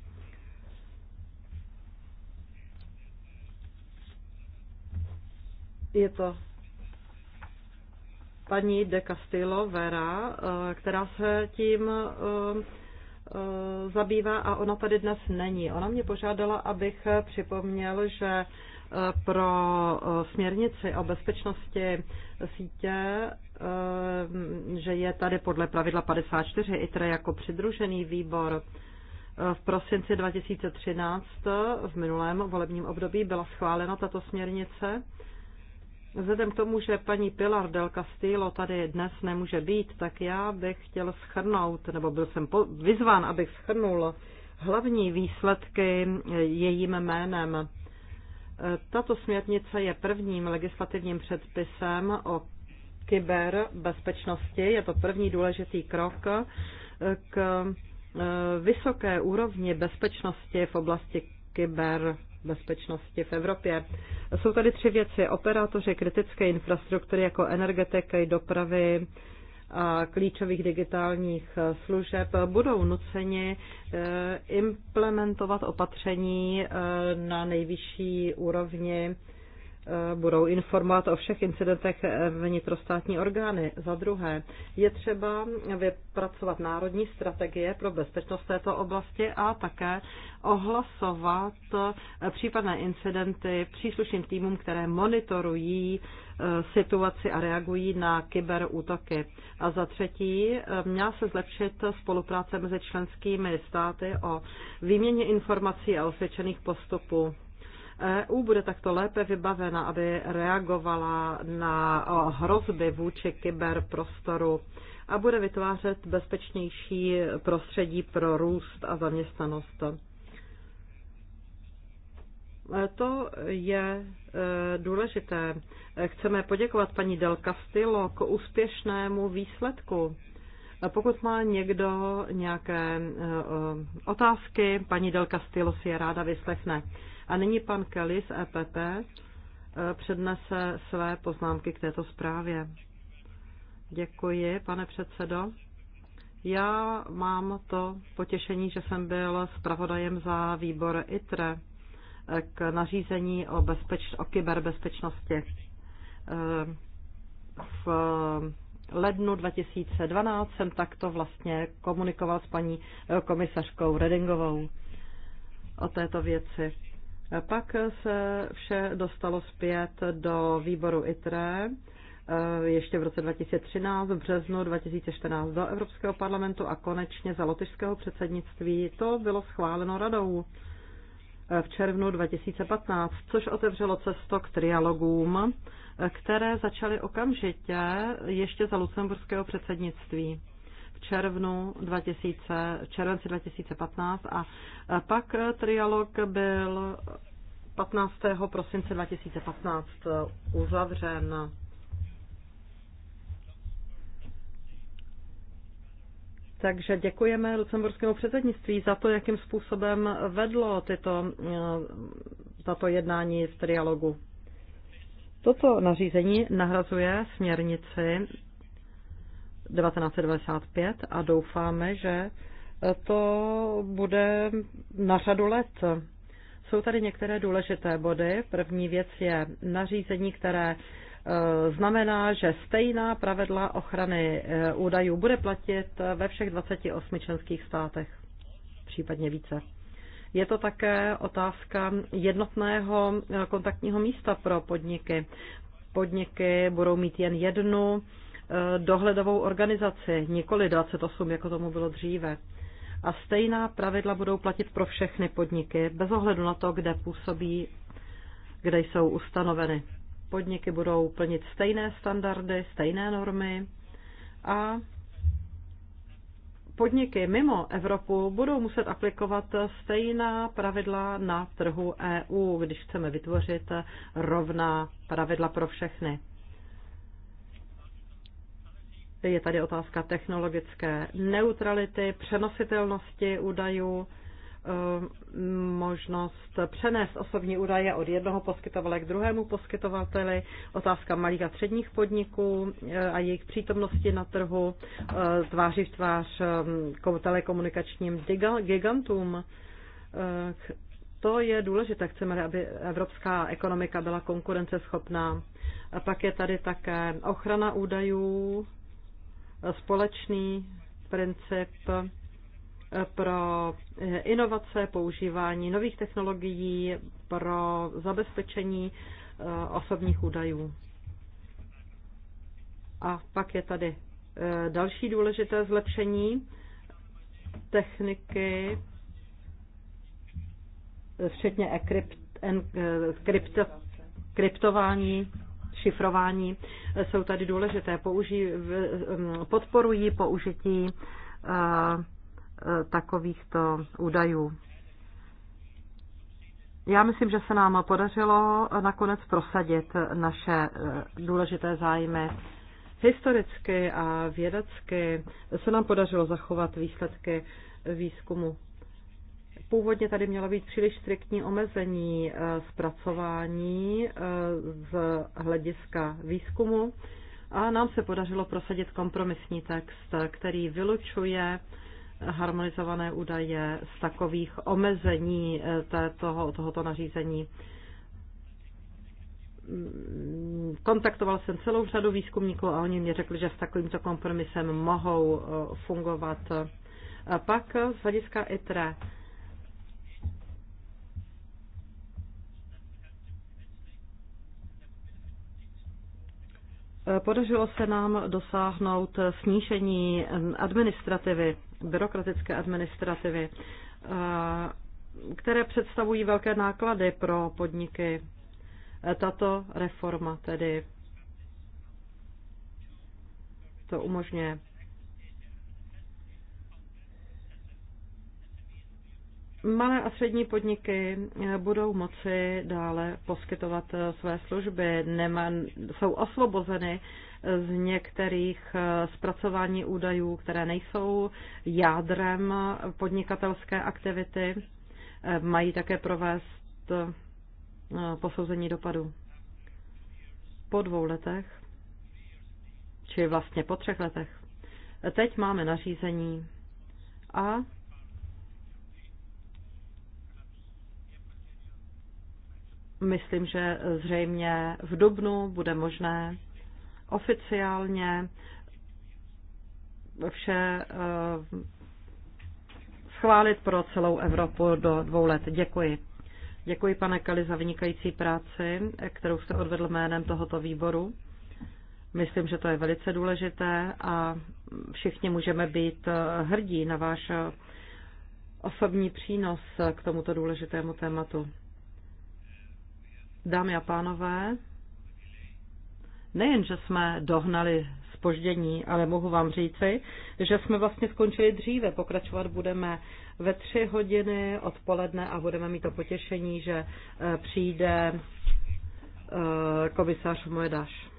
Speaker 3: Je to paní de Castillo Vera, eh, která se tím eh, eh, zabývá a ona tady dnes není. Ona mě požádala, abych připomněl, že pro směrnici o bezpečnosti sítě, že je tady podle pravidla 54 ITRE jako přidružený výbor. V prosinci 2013 v minulém volebním období byla schválena tato směrnice Vzhledem k tomu, že paní Pilar del Castillo tady dnes nemůže být, tak já bych chtěl schrnout, nebo byl jsem vyzván, abych schrnul hlavní výsledky jejím jménem. Tato směrnice je prvním legislativním předpisem o kyberbezpečnosti. Je to první důležitý krok k eh, vysoké úrovni bezpečnosti v oblasti kyber bezpečnosti v Evropě. Jsou tady tři věci. Operátoři kritické infrastruktury jako energetiky, dopravy a klíčových digitálních služeb budou nuceni eh, implementovat opatření eh, na nejvyšší úrovni Eh, budou informovat o všech incidentech vnitrostátní orgány. Za druhé, je třeba vypracovat národní strategie pro bezpečnost této oblasti a také ohlasovat eh, případné incidenty příslušným týmům, které monitorují eh, situaci a reagují na kyberútoky. A za třetí, měla se zlepšit spolupráce mezi členskými státy o výměně informací a osvědčených postupů. EU bude takto lépe vybavena, aby reagovala na hrozby vůči kyberprostoru a bude vytvářet bezpečnější prostředí pro růst a zaměstnanost. E, to je e, důležité. E, chceme poděkovat paní Del Castillo k úspěšnému výsledku. Pokud má někdo nějaké otázky, paní Del Castillo si je ráda vyslechne. A nyní pan Kelly z EPP eh, přednese své poznámky k této zprávě. Děkuji, pane předsedo. Já mám to potěšení, že jsem byl zpravodajem za výbor ITRE eh, k nařízení o, bezpeč, o kyberbezpečnosti. Eh, v lednu 2012 jsem takto vlastně komunikoval s paní komisařkou Redingovou o této věci. Pak se vše dostalo zpět do výboru ITRE eh, ještě v roce 2013, v březnu 2014 do Evropského parlamentu a konečně za lotyšského předsednictví to bylo schváleno radou eh, v červnu 2015, což otevřelo cestu k trialogům, eh, které začaly okamžitě ještě za lucemburského předsednictví červnu 2000, červenci 2015 a pak eh, trialog byl 15. prosince 2015 eh, uzavřen. Takže děkujeme lucemburskému předsednictví za to, jakým způsobem vedlo tyto, eh, tato jednání v trialogu. Toto nařízení nahrazuje směrnici 1995 a doufáme, že to bude na řadu let. Jsou tady některé důležité body. První věc je nařízení, které e, znamená, že stejná pravidla ochrany e, údajů bude platit ve všech 28 členských státech, případně více. Je to také otázka jednotného e, kontaktního místa pro podniky. Podniky budou mít jen jednu Eh, dohledovou organizaci, nikoli 28, jako tomu bylo dříve. A stejná pravidla budou platit pro všechny podniky, bez ohledu na to, kde působí, kde jsou ustanoveny. Podniky budou plnit stejné standardy, stejné normy a podniky mimo Evropu budou muset aplikovat stejná pravidla na trhu EU, když chceme vytvořit rovná pravidla pro všechny. Je tady otázka technologické neutrality, přenositelnosti údajů, eh, možnost přenést osobní údaje od jednoho poskytovatele k druhému poskytovateli, otázka malých a středních podniků eh, a jejich přítomnosti na trhu, eh, tváří v tvář telekomunikačním gigantům. To je důležité, chceme, aby evropská ekonomika byla konkurenceschopná. A pak je tady také ochrana údajů, společný princip eh, pro eh, inovace, používání nových technologií, pro zabezpečení eh, osobních údajů. A pak je tady další důležité zlepšení techniky, včetně krypt, krypto, kryptování šifrování jsou tady důležité. Použí, mm, podporují použití eh, eh, takovýchto údajů. Já myslím, že se nám podařilo nakonec prosadit naše eh, důležité zájmy. Historicky a vědecky se nám podařilo zachovat výsledky výzkumu Původně tady mělo být příliš striktní omezení eh, zpracování eh, z hlediska výzkumu a nám se podařilo prosadit kompromisní text, který vylučuje harmonizované údaje z takových omezení eh, tohoto tohoto nařízení. Mm, kontaktoval jsem celou řadu výzkumníků a oni mě řekli, že s takovýmto kompromisem mohou fungovat. A pak z hlediska ITRE Eh, podařilo se nám dosáhnout eh, snížení eh, administrativy, byrokratické administrativy, které představují velké náklady pro podniky. Tato reforma tedy to umožňuje. Malé a střední podniky eh, budou moci dále poskytovat eh, své služby, Nema, jsou osvobozeny eh, z některých zpracování údajů, které nejsou jádrem podnikatelské aktivity, mají také provést posouzení dopadu. Po dvou letech, či vlastně po třech letech, teď máme nařízení a Myslím, že zřejmě v dubnu bude možné oficiálně vše eh, schválit pro celou Evropu do dvou let. Děkuji. Děkuji, pane Kali, za vynikající práci, kterou jste odvedl jménem tohoto výboru. Myslím, že to je velice důležité a všichni můžeme být eh, hrdí na váš eh, osobní přínos k tomuto důležitému tématu. Dámy a pánové, nejen, že jsme dohnali spoždění, ale mohu vám říci, že jsme vlastně skončili dříve. Pokračovat budeme ve tři hodiny odpoledne a budeme mít to potěšení, že eh, přijde
Speaker 1: eh, komisař Mojedaš.